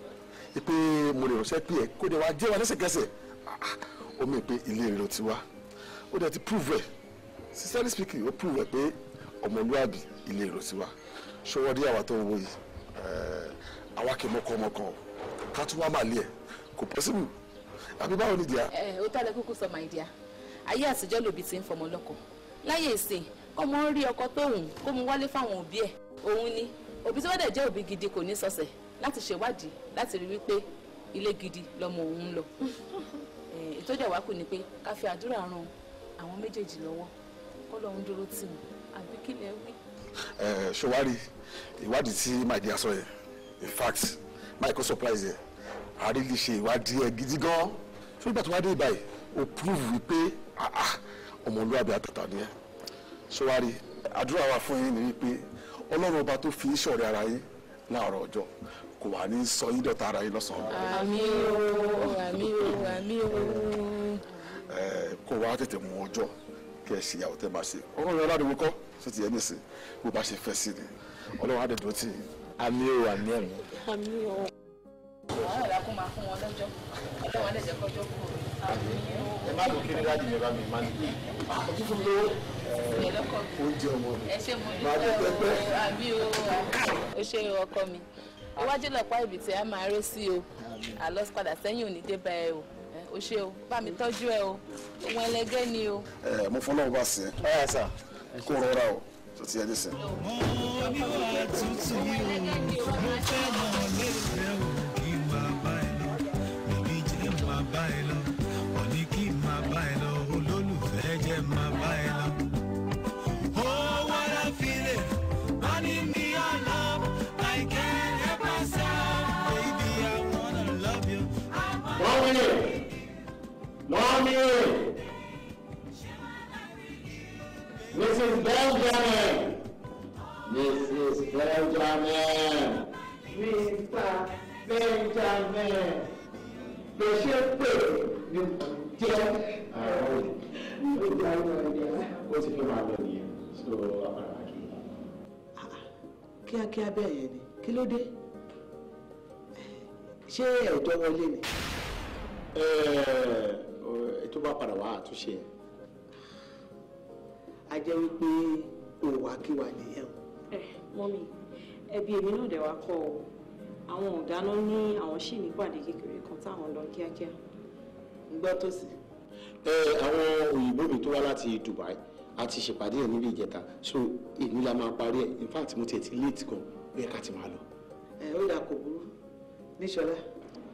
pé mo lè ránṣẹ́ pé ẹ kó dé wá jẹ́ wa lẹ́sẹ̀kẹsẹ̀ ah, ó mẹ́ pé ilé rẹ̀ ló ti wá ó dẹ̀ ti prove ẹ̀ sincerely speaking ó prove ẹ̀ pé ọmọlúwàbí ilé rẹ̀ ló ti wá ṣọwọ́ dí àwa tó ń wo yìí eh, àwa kì í mọ́kọ́ ọmọkan ká tún wá màlẹ́ ẹ̀ kò possible àbí báwo ni dìá. ẹ eh, ó tẹ́lẹ̀ kúkú sọ my dear ayé àtijọ́ lòbí ti ń fọmọ lọ́kọ láyé ìsìn ọmọ ń rí ọkọ tóun kó mu wálé fáwọn òbí ẹ̀ òun ni òbí tí wọ́n dẹ̀ jẹ́ òbí gidi kò ní sọsẹ̀ láti ṣèwádìí láti rí wípé ilé gidi lọmọ òun ń lọ ìtọ́jú àwa kù ni pé ká fi àdúrà ran àwọn méjèèjì lọ́wọ́ kọ́ lọ́hún dúró tì wọ́n àbí kí lẹ wí. ẹ ṣọwárì ìwádìí tí my dear sọ yẹn in fact my kò surprise yẹn àrílì ṣe ìwádìí ẹ gidi gan fún ìgbà tó wá dé ìbáyìí ó prove wípé ọmọlúwàbí àtàtà ni ẹ ṣọwárì àdúrà wa fún yín ni wípé ọlọ́run ọba tó fi ìṣọ̀rẹ́ ara yín láàárọ̀ ọjọ́ kò wà ní sọ yín dọ̀tá ara yín lọ́sàn-án. àmín o àmín o àmín o. ẹ kó wa tètè mú ọjọ́ kí ẹ ṣèyàwó tẹ máa ṣe ọlọ́run aládùúgbò kọ́ ṣé ti yẹ nísìn bó bá ṣe fẹ́ sí ni ọlọ́run á dẹ̀ dùn o àmín ẹ̀mí. àmín o. wàhálà kó máa fún wọn lọ́jọ́ ọlọ́run á dẹ̀ jẹ́ kọ́jọ́ kúrò. ẹ má lọ kí ní dájú mi mi má ní oúnjẹ ọmọ rẹ máa dé pẹpẹ. o ṣe ọkọ mi iwájú lọ́pàá ibi tí a máa ré sí o àlọ́ padà sẹ́yìn ò ní dé bá ẹ o o ṣe o bá mi tọ́jú ẹ o ohun ẹlẹgẹ́ ni o. ẹ mo fọlọ́ bá sí ẹ ẹ sà kó rọra o tó ti ẹni sẹ. oníwà tuntun yìí o mo fẹ́ mọ̀ lẹ́sẹ̀ o kí n máa bá ẹ lọ èmi jẹ́ máa bá ẹ lọ. Mrs. Benjamin, Mrs. Benjamin, Mr. Benjamin, bó ṣe pè ní jẹ́ ìgbà ìgbà ó ti fi máa lọ nìyẹn so apára kì í. Ah, kíákíá bẹ́ẹ̀ yẹn ni kí ló dé ṣé ẹ̀jọ́ wọlé ni. Eh ètò bá padà wá àtúnṣe yẹn. a jẹ́ wípé òwà kíwà nìyẹn. ẹ mọ́mí ẹbí èmi náà dẹ̀ wá kọ́ ọ àwọn ọ̀gá náà ní àwọn ṣì nípàdé kékeré kan táwọn lọ kíákíá ń gbọ́ tó sì. ẹ àwọn òyìnbó mi tó wá láti Dubai a ti ṣèpàdé ẹ̀ níbi ìjẹta so èmi la máa parí ẹ̀ in fact mo tiẹ̀ ti late gan bẹ́ẹ̀ ká ti máa lọ. ẹ ó yà kò burú níṣọlá.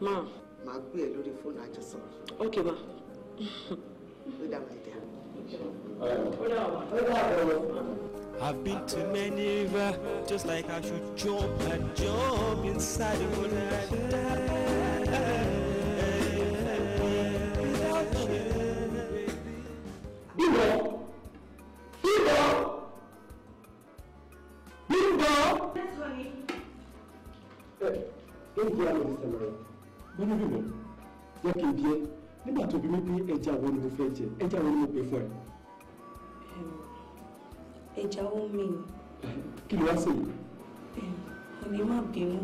máa. máa gbé ẹ lórí fóònù àjọsọ. ok ma. I've been to many rivers, just like I should jump and jump inside the water and die. Bimbo! Bimbo! Bimbo! Yes, honey. Hey, eh, don't go out, Mr. Murray. Bimbo, Bimbo. Jẹ́ kí nígbà tó bí mi pé ẹja wo ni mo fẹ́ jẹ ẹja wo ni mo pè fún ẹ. ẹja ó mi. kí ló wá sí yìí. ọ̀nì má bínú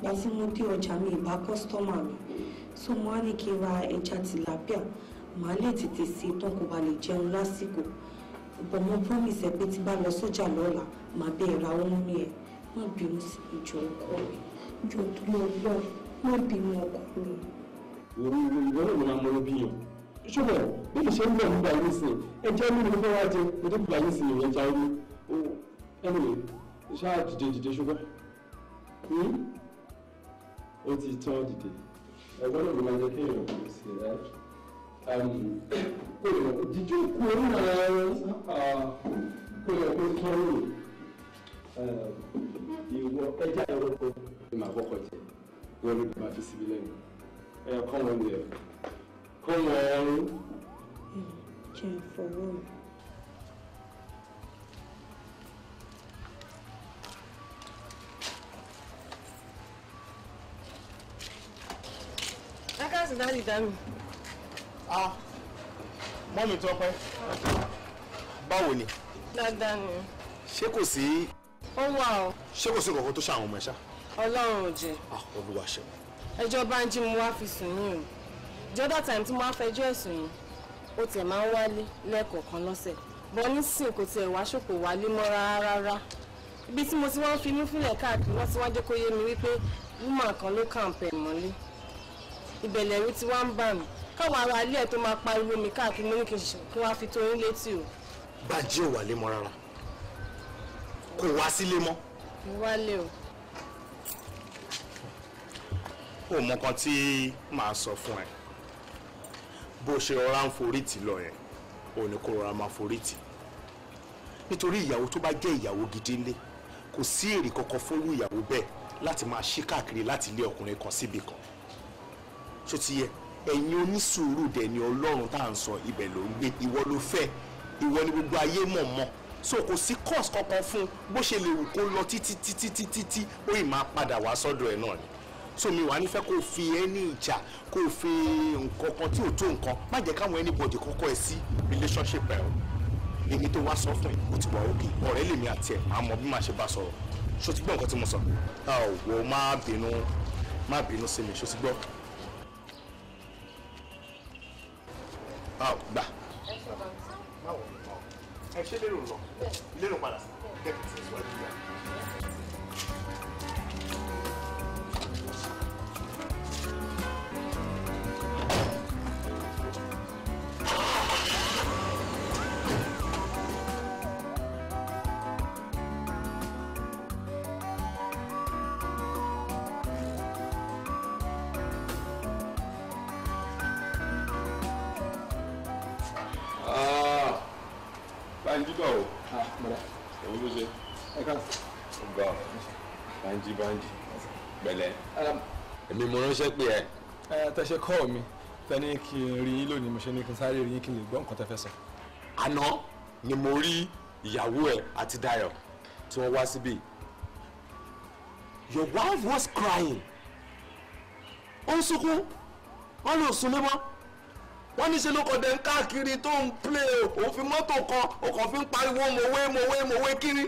gba tí mo dé ọjà mi ìbá kọ́sítọ́mà mi so mo á ní kí n ra ẹja tilapia màá lè tètè sí i tán kó ba lè jẹun lásìkò bọ̀ mo promise ẹ pé tí bá lọ sọ́jà lọ́la màá bẹ́ẹ̀ ra ó mi ẹ̀ má bínú sí ìjọ ọkọ mi ìjọ tó lọ lọ bínú ọkọ mi ìwọ náà ló bí yàn ṣùgbọ́n bí mi ṣe ń bẹ̀ nígbà yìí sìn ẹ jẹ́ mi ló wá jẹ mo tó fìgbà yìí sìn ìyẹn já orí anyway ṣáà dìde dìde ṣùgbọ́n hmm? ó ti tán dìde ẹ̀gbọ́n náà máa jẹ́ kí èèyàn kò sí ẹ̀ jíjó kú orí rẹ̀ kó yẹ kó tán rò ìwọ ẹja ẹ̀rọ kan ló máa bọ́kọ̀ jẹ wọ́n ló máa fi síbi lẹ́nu ẹ kọ́ wọn lè kọ́ wọn ọrùn. jẹ́ ìfọwọ́ mi. lákàtí dáàdì dá mi. ah mọ́mí tọ́pẹ́ báwo ni. dáadáa ni. ṣé kò sí. ó wà o. ṣé kò sí kankan tó ṣàwọn ọmọ ẹ ṣá. ọlọ́run ah olúwa ṣeun ẹjọ́ bá ń jí mo wá fi sùn yín o jọ́dá time tí mo wá fẹjọ́ ẹ̀sùn yìí ó tẹ̀ máa ń wálé lẹ́ẹ̀kọ̀ọ̀kan lọ́sẹ̀ bọ́ nísìn kò tiẹ̀ wá ṣòkò wálé mọ́ rárá ibi tí mo ti wọ́n fi mú fúnlẹ̀ káàkiri wọ́n ti wá jẹ́ kó yé mi wípé wúmà kan ló kàǹpẹ̀ mọ́lé ìbẹ̀lẹ̀ rí ti wá ń bà mí káwọn ará ilé ẹ̀ tó máa pariwo mi káàkiri mo ní kí n ṣe kí wọ́n fi torí létí o. bàjẹ́ ò wálé mọ́ rárá kò wá sílé mọ́. mo wálé o. ò mọ kan tí màá sọ fún ẹ bó ṣe rọra ń forí tì lọ yẹn ò ní kó rọra máa forí tì nítorí ìyàwó tó bá jẹ́ ìyàwó gidi ńlẹ̀ kò sí èrè kankan fún irú ìyàwó bẹ́ẹ̀ láti máa ṣí káàkiri láti ilé ọkùnrin kan síbi kan ṣó ti yẹ ẹ̀yin onísùúrù dẹ̀ ni ọlọ́run tá à ń sọ ibẹ̀ ló ń gbé ìwọ ló fẹ́ ìwọ ni gbogbo ayé mọ̀ mọ́ so kò sí course kankan fún bó ṣe lè wù kó lọ títí títí títí ó ì máa padà wá sọ́dọ̀ ẹ̀ náà ni so mi wà nífẹ̀ẹ́ kó fi ẹni ìjà kó fi nǹkan kan tí ò tó nǹkan má jẹ́ káwọn anybody kọ́kọ́ ẹ sí relationship ẹ o èmi tó wá sọ fún ẹ o ti wà òkè ọ̀rẹ́ lèmi àti ẹ máa mọ bí máa ṣe bá sọ̀rọ̀ ṣó ti gbọ́ nǹkan tí mo sọ wò má bínú má bínú sí mi ṣó ti gbọ́. gbà. ẹ ṣe lérò lọ lérò padà kẹ́kẹ́ tí ó sọ ẹ́ bí wà. Bánjí bá o. Ah, Òun ló ṣe. Ọgbà Bánjí Bánjí pẹ̀lẹ́. Èmi mo ránṣẹ́ pé ẹ. Ẹ tẹ̀sẹ̀ kọ́ mi tẹ́ni kí n rí yín lónìí mo ṣe ní kí n sáré rí yín kí n lè gbọ́ nǹkan tẹ́ fẹ́ sọ. Àná ni mo rí ìyàwó ẹ àti Dayọ̀ tí wọ́n wá síbí. Your wife was crying. Ó ń sunkún, wọ́n lè sùn lé mọ́ wọ́n ní ṣe ló kọ̀ dẹ̀ ń káàkiri tó ń plé òfin mọ́tò kan ọkọ̀ fi ń pariwo mọ̀wé mọ̀wé mọ̀wé kiri.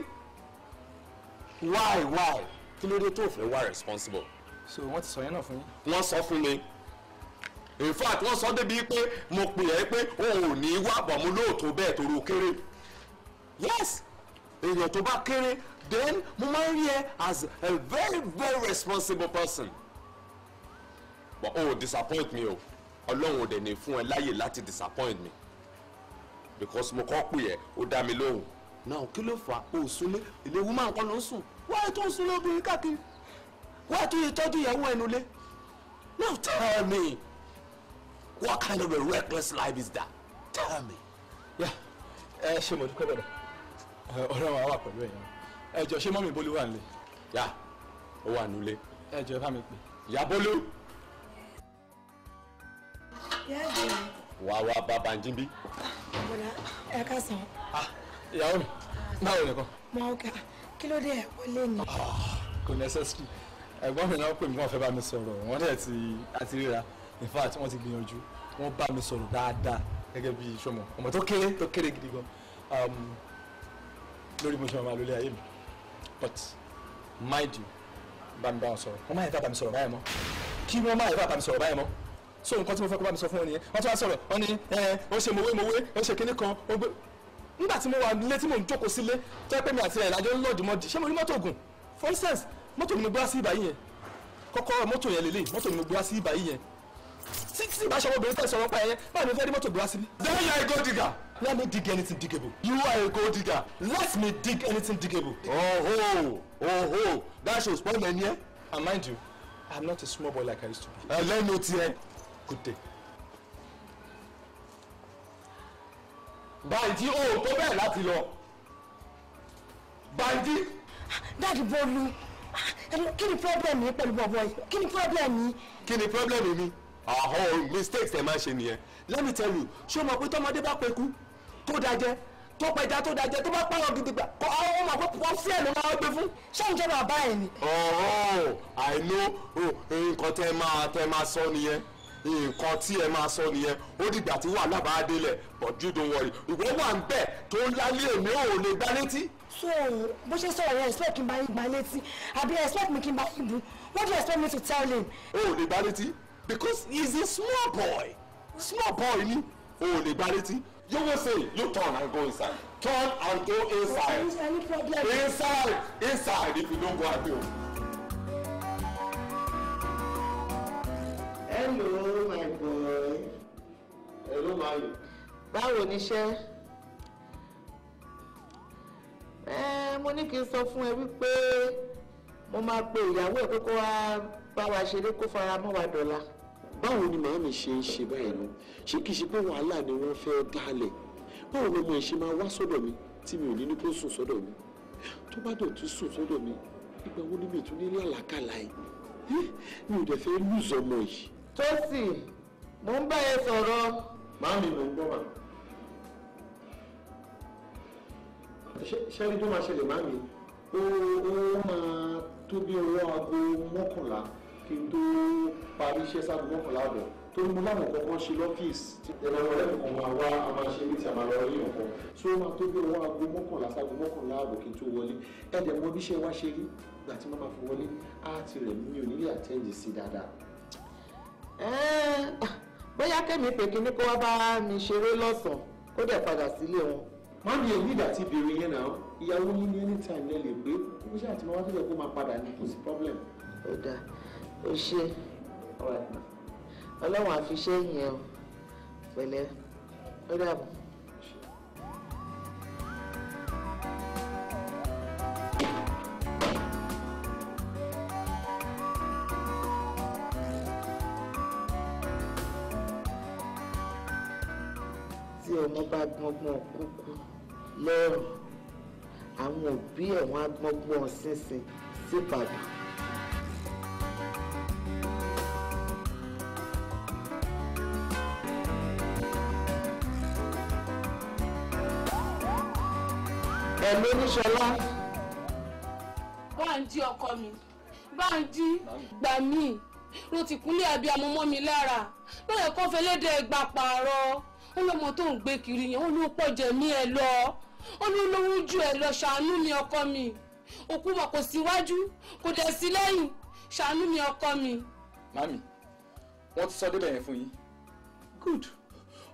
why why kí ló dé tó fẹ́ wá responsible. so wọ́n ti sọ yẹn náà fún yín. wọ́n sọ fún mi in fact wọ́n sọ débi pé mo pè ẹ́ pé o ò ní wá bọ̀ mo lóòótọ́ bẹ́ẹ̀ toro kéré yes èèyàn tó bá kéré then mo máa ń rí ẹ as a very very responsible person but o oh, disappoint me o. Oh ọlọ́run ò dẹ̀ ní fún ẹ láyè láti disappoint me because mo kọ́ pè ẹ́ ó dá mi lóhùn náà kí ló fà ó súnlé ilé woman kan ló ń sùn wáyé tó ń sún lóbìnrin káàkiri wáyé tó yẹ ìyàwó ẹnu lé now tell me what kind of a reckless life is that tell me. ẹ ṣe mo dúpẹ́ bẹ̀rẹ̀ ọ̀rẹ́ wa wà pẹ̀lú ẹ̀yàn ẹ jọ ṣé mọ́mí bolú wà nílé. yá ó wà nílé. ẹ jọ ẹ bá mi pè. ìyá bolú wàá wá bá banjí bí. bọ̀dá ẹ ká sàn. Ah, ìyàwó mi báwo ni kọ́. mo ń kà ah, kí ló dé ẹ wọlé ni. Ah, kò necessary ẹ̀gbọ́n mi náà pè mí kàn fẹ́ bá mi sọ̀rọ̀ wọ́n dẹ̀ ti àti ríra in fact wọ́n ti gbìyànjú wọ́n bá mi sọ̀rọ̀ dáadáa gẹ́gẹ́ bí ìṣọmọ ọmọ tó kéré tó kéré gidi gan um, lórí mo ṣe máa lólé ayé mi but mind you bá mi bá wọn sọ̀rọ̀ wọ́n máa yẹ fà bá mi sọ̀rọ̀ báyìí mọ́ kí wọ́n máa yẹ bá mi sọ̀rọ̀ báyìí mọ́ so nǹkan tí mo fẹ́ kó bá mi sọ fún wọn nìyẹn wọ́n tún wá sọ̀rọ̀ wọ́n ní ẹ ó ṣe mowé mowé ó ṣe kinní kan ó gbé nígbà tí mo wà nílé tí mò ń jókòó sílé tó yẹ pé mi àti ẹ̀ lájọ́ ń lọ́ọ̀dì ṣé mo ní mọ́tò ògùn for instance mọ́tò ni mo gbé wá sí ibà yìí yẹn kọ́kọ́rọ́ mọ́tò yẹn lélẹ̀ mọ́tò ni mo gbé wá sí ibà yìí yẹn tí tí ìbáṣọ obìnrin tẹ̀sán ọ̀pá yẹn báyìí mo fẹ́ rí mọ́tò gbé wá then you are a gold digger. let me dig anything diggable. you are a gold digger. let me dig anything diggable. oh oho oh, oh. that shows spoil my ear. and mind you i am not a small boy like i used to be. ẹ lẹ́nu tiẹ̀. Good day. Bàǹtí o tó bẹ́ẹ̀ láti lọ. Bàǹtí. Dáàdì Bọ́lú, kí ni problem yìí pẹ̀lú bọ̀bọ̀ yìí? Kí ni problem yìí? Kí ni problem mi? Àhọ́ mistakes tẹ̀ máa ṣe nìyẹn. Let me tell you, ṣé o mọ̀ pé tọ́mọdé bá pẹ̀kú tó dájẹ́? tó pẹja tó dájẹ tó bá pààyàn gidi kọ àwọn ọmọ àpò pọ sí ẹ ló máa gbé fún. ṣé ìjọba àbá ẹ ni. ọ̀ọ́ àìló oh, nǹkan tẹ́ máa tẹ́ máa sọ nìyẹn nǹkan tí ẹ máa sọ nìyẹn ó dìgbà tí wàhálà bá délẹ̀ but you don't worry ìwọ wà ń bẹ̀ tó ń lálé èmi ò lè gbá létí. so bó ṣe sọ̀rọ̀ yẹn expect kí n bá yín gbá létí àbí expect mi kí n bá yín what do you expect me to tell him. o ò lè gbá létí because he is a small boy small boy ni o ò lè gbá létí you go say you turn and go inside turn and go inside inside inside if you no go happy o. hello my boy. hello my. báwo ni iṣẹ́? mo ní kí n sọ fún ẹ wípé mo máa pe ìyàwó ẹ kókó wá bá wa ṣeré kó fara mọ́ wa dọ̀la. báwo ni màámi ṣe ń ṣe báyìí lọ ṣé kìí ṣe pé wàhálà ni wọ́n fẹ́ dálẹ̀ báwo ni ọmọ ẹ̀ ṣe máa wá sọ́dọ̀ mi tí mi ò ní ní kó sùn sọ́dọ̀ mi tó bá dọ̀ tún sùn sọ́dọ̀ mi ìgbà wo ni mi tún ní làlàkàlà yìí mi ò dẹ̀ fẹ́ lùzọ́ ọmọ yìí. Tósì mò ń bá ẹ sọ̀rọ̀. Màámi mò ń gbọ́ mà. Ṣẹ́rí tó máa ṣẹlẹ̀ màámi, ó máa tó bí ọwọ́ aago mọ́kànlá kí n tó parí iṣẹ́ sáàgó mọ́kànlá àbọ̀ tó ń mú láwọn kọ̀ọ̀kan ṣe lọ́fíìsì ẹ̀rọ ọ̀rẹ́ kan máa wá a máa ṣe ní ti àmàlọ́ orí nǹkan tí ó máa tó bí ọwọ́ aago mọ́kànlá sáàgó mọ́kànlá àbọ̀ kí n tó wọlé ẹ̀dẹ̀ mọ bí iṣẹ́ wa ṣe rí ìgbà tí wọ́n máa fi wọlé á ti rẹ̀ mí ò nílé àtẹ́ǹdì sí dáadáa Eh, bóyá kẹ́mi pé kinní kó wá bá mi ṣeré lọ́sàn-án kó dẹ̀ padà sílé wọn. mọ́mí èyí ìdàtí ìbèrè yẹn náà ìyàwó yín ní anytime lẹ́ lè gbé mo ṣe àtìmọ́ wá tó yẹ kó máa padà ní kò sí problem. ó dáa ó ṣe ọlọ́run àfiṣẹ́ yẹn o pẹ̀lẹ́ ó dàbọ̀. bá gbọ́ngbọ́n kúkú lẹ́rùn àwọn òbí ẹ̀ wọ́n á gbọ́ngbọ́n ṣinṣin síbàdàn. ẹ̀mí oníṣọlá. Báńjí ọkọ mi, Báńjí gbà mí, ro tìkúnlé àbí amọ́mọ́ mi lára, lóye kọ́fẹ́lédè gbà pààrọ̀ ó lọmọ tó ń gbé kiri yẹn ó ló pọ̀ jẹ̀mí ẹ lọ ó ló lówó ju ẹ lọ ṣàánú mi ọkọ mi òkú mọ̀ kò síwájú kò dẹ̀ sí lẹ́yìn ṣàánú mi ọkọ mi. mami wọn ti sọ débẹ̀ yẹn fún yín good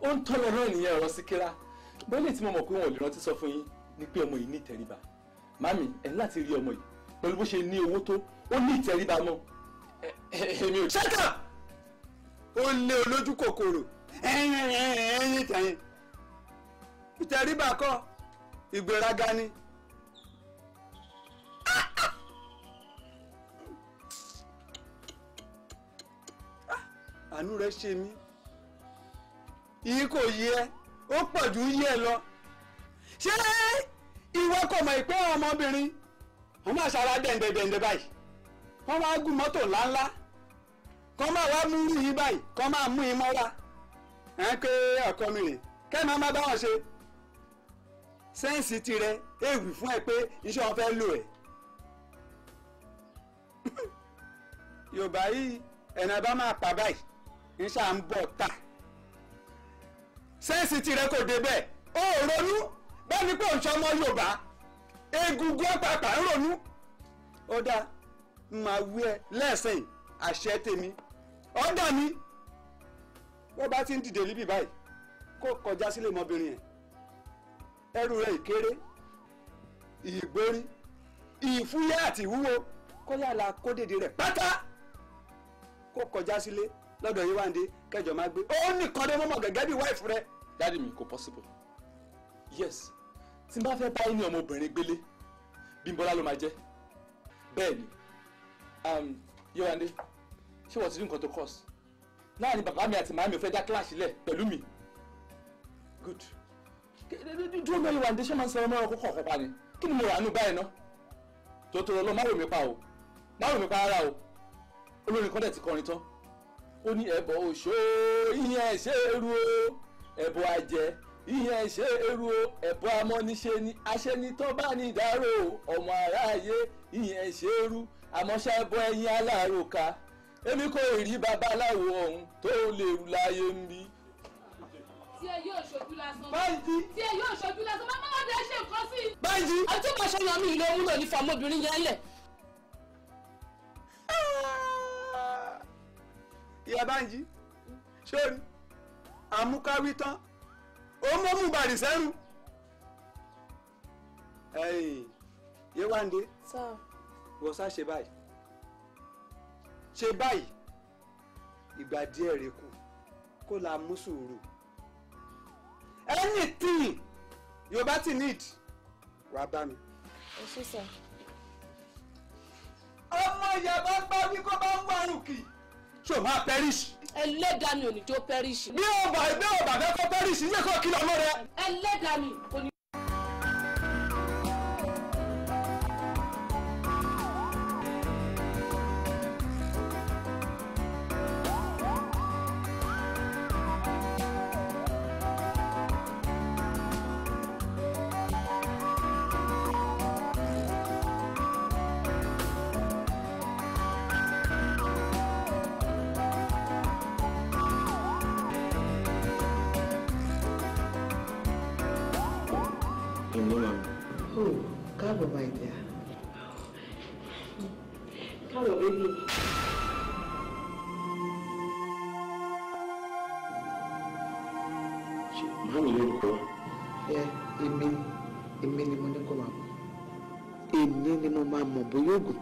ó ń tọ́ lọ́rọ́ ènìyàn ọ̀rọ̀ síkírá bẹ́ẹ̀lì tí mo mọ̀ pé wọn ò lè rántí sọ fún yín ni pé ọmọ yìí ní ìtẹríba mami ẹ̀ ń láti rí ọmọ yìí pẹ̀lú bó ṣe ní owó tó ó ní ìtẹríba mọ́ èmi ò. ṣẹ́tà ó lé olójú kòkòrò ẹyin ẹyin ẹyin tẹyin ìtẹríba kọ́ ìgbéraga ni. àánú rẹ ṣe mí yìí kò ẹ, ó pọ̀ jù yí ẹ lọ ṣé ìwọ kò mọ̀ ìpé ọmọbìnrin wọ́n máa ṣara dẹ̀ǹdẹ̀dẹ̀ǹdẹ̀ báyìí wọ́n máa mọ́tò ńláńlá kọ́ máa wá mú báyìí kọ́ máa mú ẹ̀ ń pé ọkọ mi rè kẹ́ máa má bá wọn ṣe sẹ́ǹsì tirẹ̀ èwì fún ẹ pé iṣẹ́ wọn fẹ́ lò ẹ̀. yorùbá yìí ẹ̀nà bá máa pa báyìí iṣẹ́ à ń bọ̀ ta. sẹ́ǹsì tirẹ̀ kò débẹ̀ ó ronú bẹ́ẹ̀ ni pé òun ṣọmọ yorùbá egungun ọ̀pàpà ń ronú. ó dáa màá wí ẹ lẹ́sìn àṣẹ tèmi ọ̀dọ̀ mi bó bá ti ń dìde níbí báyìí kó kọjá sílé ọmọbìnrin yẹn ẹrù rẹ̀ ìkéré ìgbórí ìfúyẹ́ àti ìwúwo kó yàrá kó dèdè rẹ̀ pátá kó kọjá sílé lọ́dọ̀ yìí wáńdé kẹjọ máa gbé ó nìkan ló mọ̀ gẹ́gẹ́ bí wáìfù rẹ̀. dáàdi mi kò possible yes tí n bá fẹ́ bá ẹni ọmọbìnrin gbélé Bímbọ́lá ló máa jẹ́ bẹ́ẹ̀ ni um, yéwándé ṣé wọ́n ti rí nǹkan tó cause láàrin bàbá mi àti màmí ò fẹ́ dá kíláàsì lẹ̀ pẹ̀lú mi good dúró mẹ́rin wà ní ṣé máa ń sọ ọmọ ọkọ̀ kọ̀ọ̀kan pa ni kí ni mo rà nù báyìí ná tó tó lọ má wò mí pa o má wò mí pa ara o olórin kan dẹ̀ ti kọrin tán ó ní ẹbọ òṣó ìyẹn ṣe é ru o ẹbọ àjẹ ìyẹn ṣe é ru o ẹbọ amọ́niṣe ni aṣẹ́nitọ́ bá ní ìdárò ọmọ aráàyè ìyẹn ṣe é ru àmọ́ ṣá ẹbọ aláàrò ká èmi kò rí babaláwo ọ̀hún tó lè rú láyé ń bí. tí ẹ yóò ṣojú lásán. báyìí. tí ẹ yóò ṣojú lásán máa máa dẹ ṣe nǹkan sí. báyìí. ọjọ́ kan ṣọyọ mi ìlú òun lò ní fàmóbìnrin yẹn lẹ̀. ìyá báyìí sórí àmúkáwí tán ó mọ́mú bàrì sẹ́rù. yéwándé. sọ. wọ́n sá ṣe báyìí ṣe báyìí ìgbà díẹ̀ rẹ̀ kù kó la mú sùúrù anything you bá ti need wàá bá mi. ẹ ṣe sọ. ọmọ ìyá bá gbá wí kó bá ń wárùn kì. ṣé o máa perish. ẹlẹ́dàá ni òní tó perish. bí ọba ẹgbẹ́ ọba fẹ́ kó perish yẹ kó kí lọ́mọ rẹ. ẹlẹ́dàá ni òní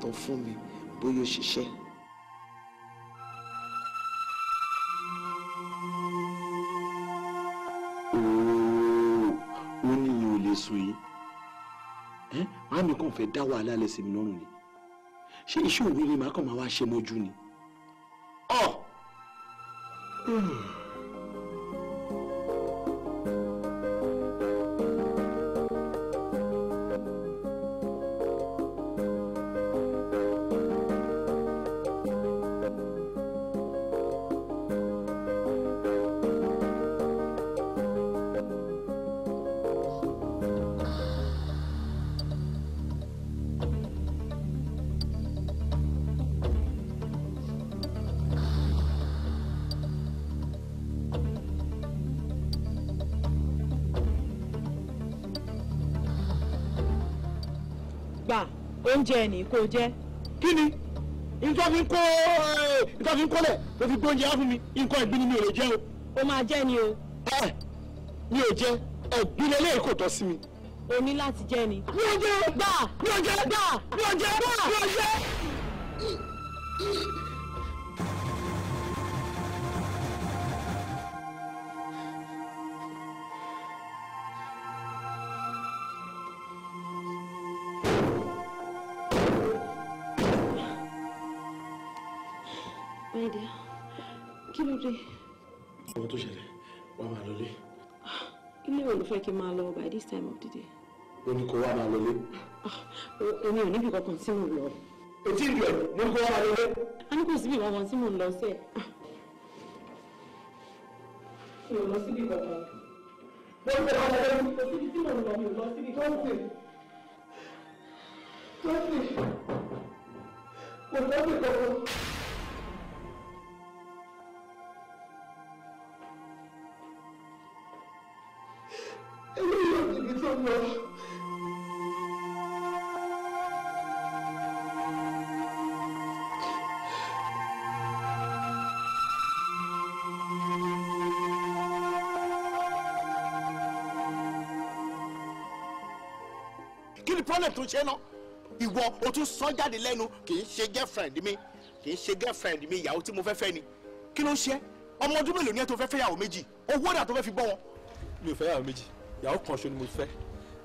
kan fún mi bóyá ó ṣiṣẹ́. ó ní ìyẹn ò lè sùn yìí màá mi kàn fẹ́ dá wàhálà lẹ́sìn mi lọ́rùn ni ṣé iṣẹ́ òwe ni màá kàn máa wá ṣe mọ́jú ni. Oh. Mm. gbà oúnjẹ ẹnì kò jẹ. kí ni nǹkan fi ń kó eh, nǹkan fi ń kólẹ̀ tó fi gbóúnjẹ á fún mi nǹkan ìgbín ni mi ò lè jẹ o. o máa jẹ ni o. ẹ eh, mi ò jẹ ẹ̀gbin eléyìí kò tọ́ sí mi. o ní láti jẹ ni. mi ò jẹ gbà mi ò jẹ gbà mi ò jẹ gbà mi ò jẹ. fẹ́ kí n máa lọ by this time of the day. ó ní kó wá máa lọlé. Ah, èmi ò níbi kankan tí mò ń lọ. etí ìlú ẹ̀ mo ní kó a ní kò síbi kankan tí mò ń lọ sí ẹ̀. mi ò lọ síbi kankan. mo ń bẹ̀rẹ̀ ọ̀la lẹ́nu kò síbi tí mò ń lọ mi ò lọ síbi kankan. eléyìí kí ni problem tó ń ṣe náà ìwọ o tún sọ jáde lẹ́nu kì í ṣe girlfriend mi kì í ṣe girlfriend mi ìyàwó tí mo fẹ́ fẹ́ ni kí ló ń ṣe ọmọ ọdún mélòó ni ẹ tó fẹ́ fẹ́ yàwó méjì owó dà tó fẹ́ fi bọ́ wọn. mi ò fẹ́ yàwó méjì ìyàwó kan ṣo ni mo fẹ́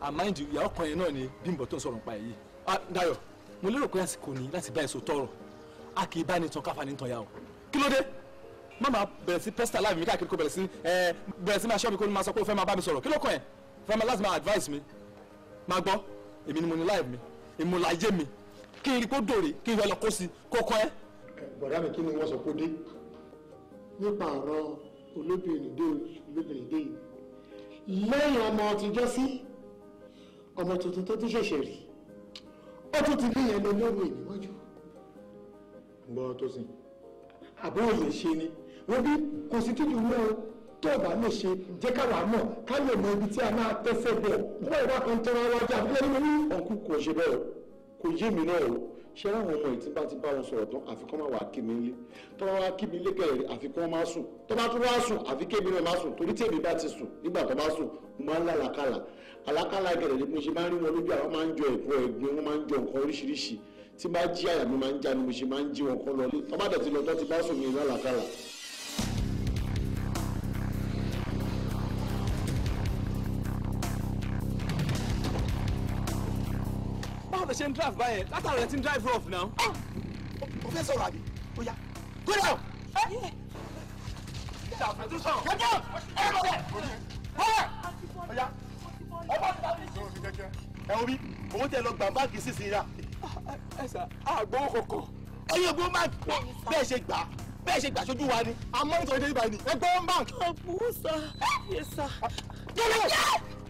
àmáyìndì ah, ìyàwó kan yẹn náà ni Bímbọ́ tó ń sọ̀rọ̀ nípa èyí ah, Dayọ̀ mo lérò pé àsìkò ní láti bá èso tọrọ a kì í bá ní tan káfa ní tan ya o kí ló dé má máa bẹ̀rẹ̀ sí pẹ́sítà láàbì mi káàkiri kó bẹ̀rẹ̀ sí bẹ̀rẹ̀ sí máa ṣọ́ mi kó ní máa sọ pé ó fẹ́ máa bá mi sọ̀rọ̀ kí ló kàn ẹ́ fẹ́ máa láti máa advice mi máa gbọ́ èmi ni mo ní láì mi èmi mi kí n rí kó dòrè kí n fẹ́ lọ kó sí kó kọ́ ẹ́. bọ̀dá mi kí ni wọ́n sọ kó dé nípa àrùn olóbìnrin dé olóbìnrin dé yìí lẹ́yìn ọmọ tìjọ́ sí ọmọ tuntun tó tún ṣẹ̀ṣẹ̀ rí ó tún ti léyìn ẹni olómi níwájú. gbọ́ tó sìn. àbúrò lè ṣe ni wọ́n bí kò sí tútù mọ́ tó bá lè ṣe jẹ́ káwa mọ̀ ká lè mọ ibi tí a máa tẹ́sẹ̀ bọ̀ bọ́ọ̀ bá kan tẹ́ra wájú àbúrò ẹni mo ní ọ̀kú kò ṣe bẹ́ẹ̀ kò yé mi náà o ṣé ráwọn ọmọ ìtìpá ti bá wọn sọ̀rọ̀ tán àfikún máa wà kí mi lé tó bá wá kí mi lé kẹrẹ̀rẹ̀ àfikún máa sùn tó bá tún wá sùn àfi kébi náà máa sùn torí tèmi bá ti sùn nígbà tó bá sùn mo máa ń lá àlàkàlà àlàkàlà gẹ̀rẹ̀rẹ̀ mo ṣe máa ń rí wọn lójú àwọn máa ń jọ ẹ̀kọ́ ẹ̀gbin wọn máa ń jọ nǹkan oríṣiríṣi tí bá jí àyà mi máa ń já ni mo ṣe máa ń jí wọn kọ́ lọ ló ṣe ń drive báyẹn látàrí ẹ ti ń drive rough now. Ah! o fẹ́ sọ̀rọ̀ àbí o go down. Eh? Get down! Ẹ bọ̀ bẹ̀! Ọya! Ẹ bá ti bá mi. Ẹ wo bí owó tẹ lọ gbà báàgì sísìn eh, ra. Ẹ sà, àgbọ̀n kọ̀ọ̀kan. Ẹyẹ gbọ́n máa gbọ́ bẹ́ẹ̀ ṣe gbà á bẹ́ẹ̀ ṣe gbàṣojú wa ni àmọ́ nítorí dé ibà ẹgbẹ́ wọn bá. ọ̀pọ̀ sá yẹ sá.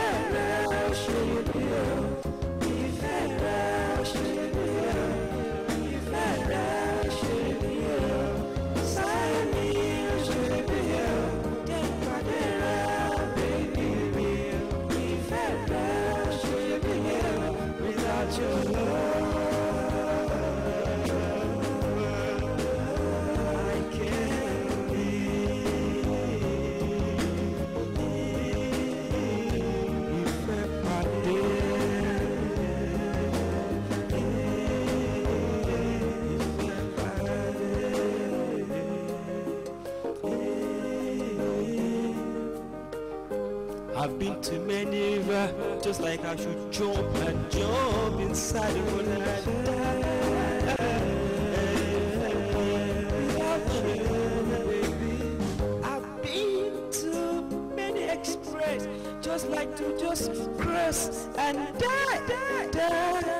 and I should be up to many rap, just like I should jump and jump inside the road and I've been to many express, just like to just cross and die, die, die.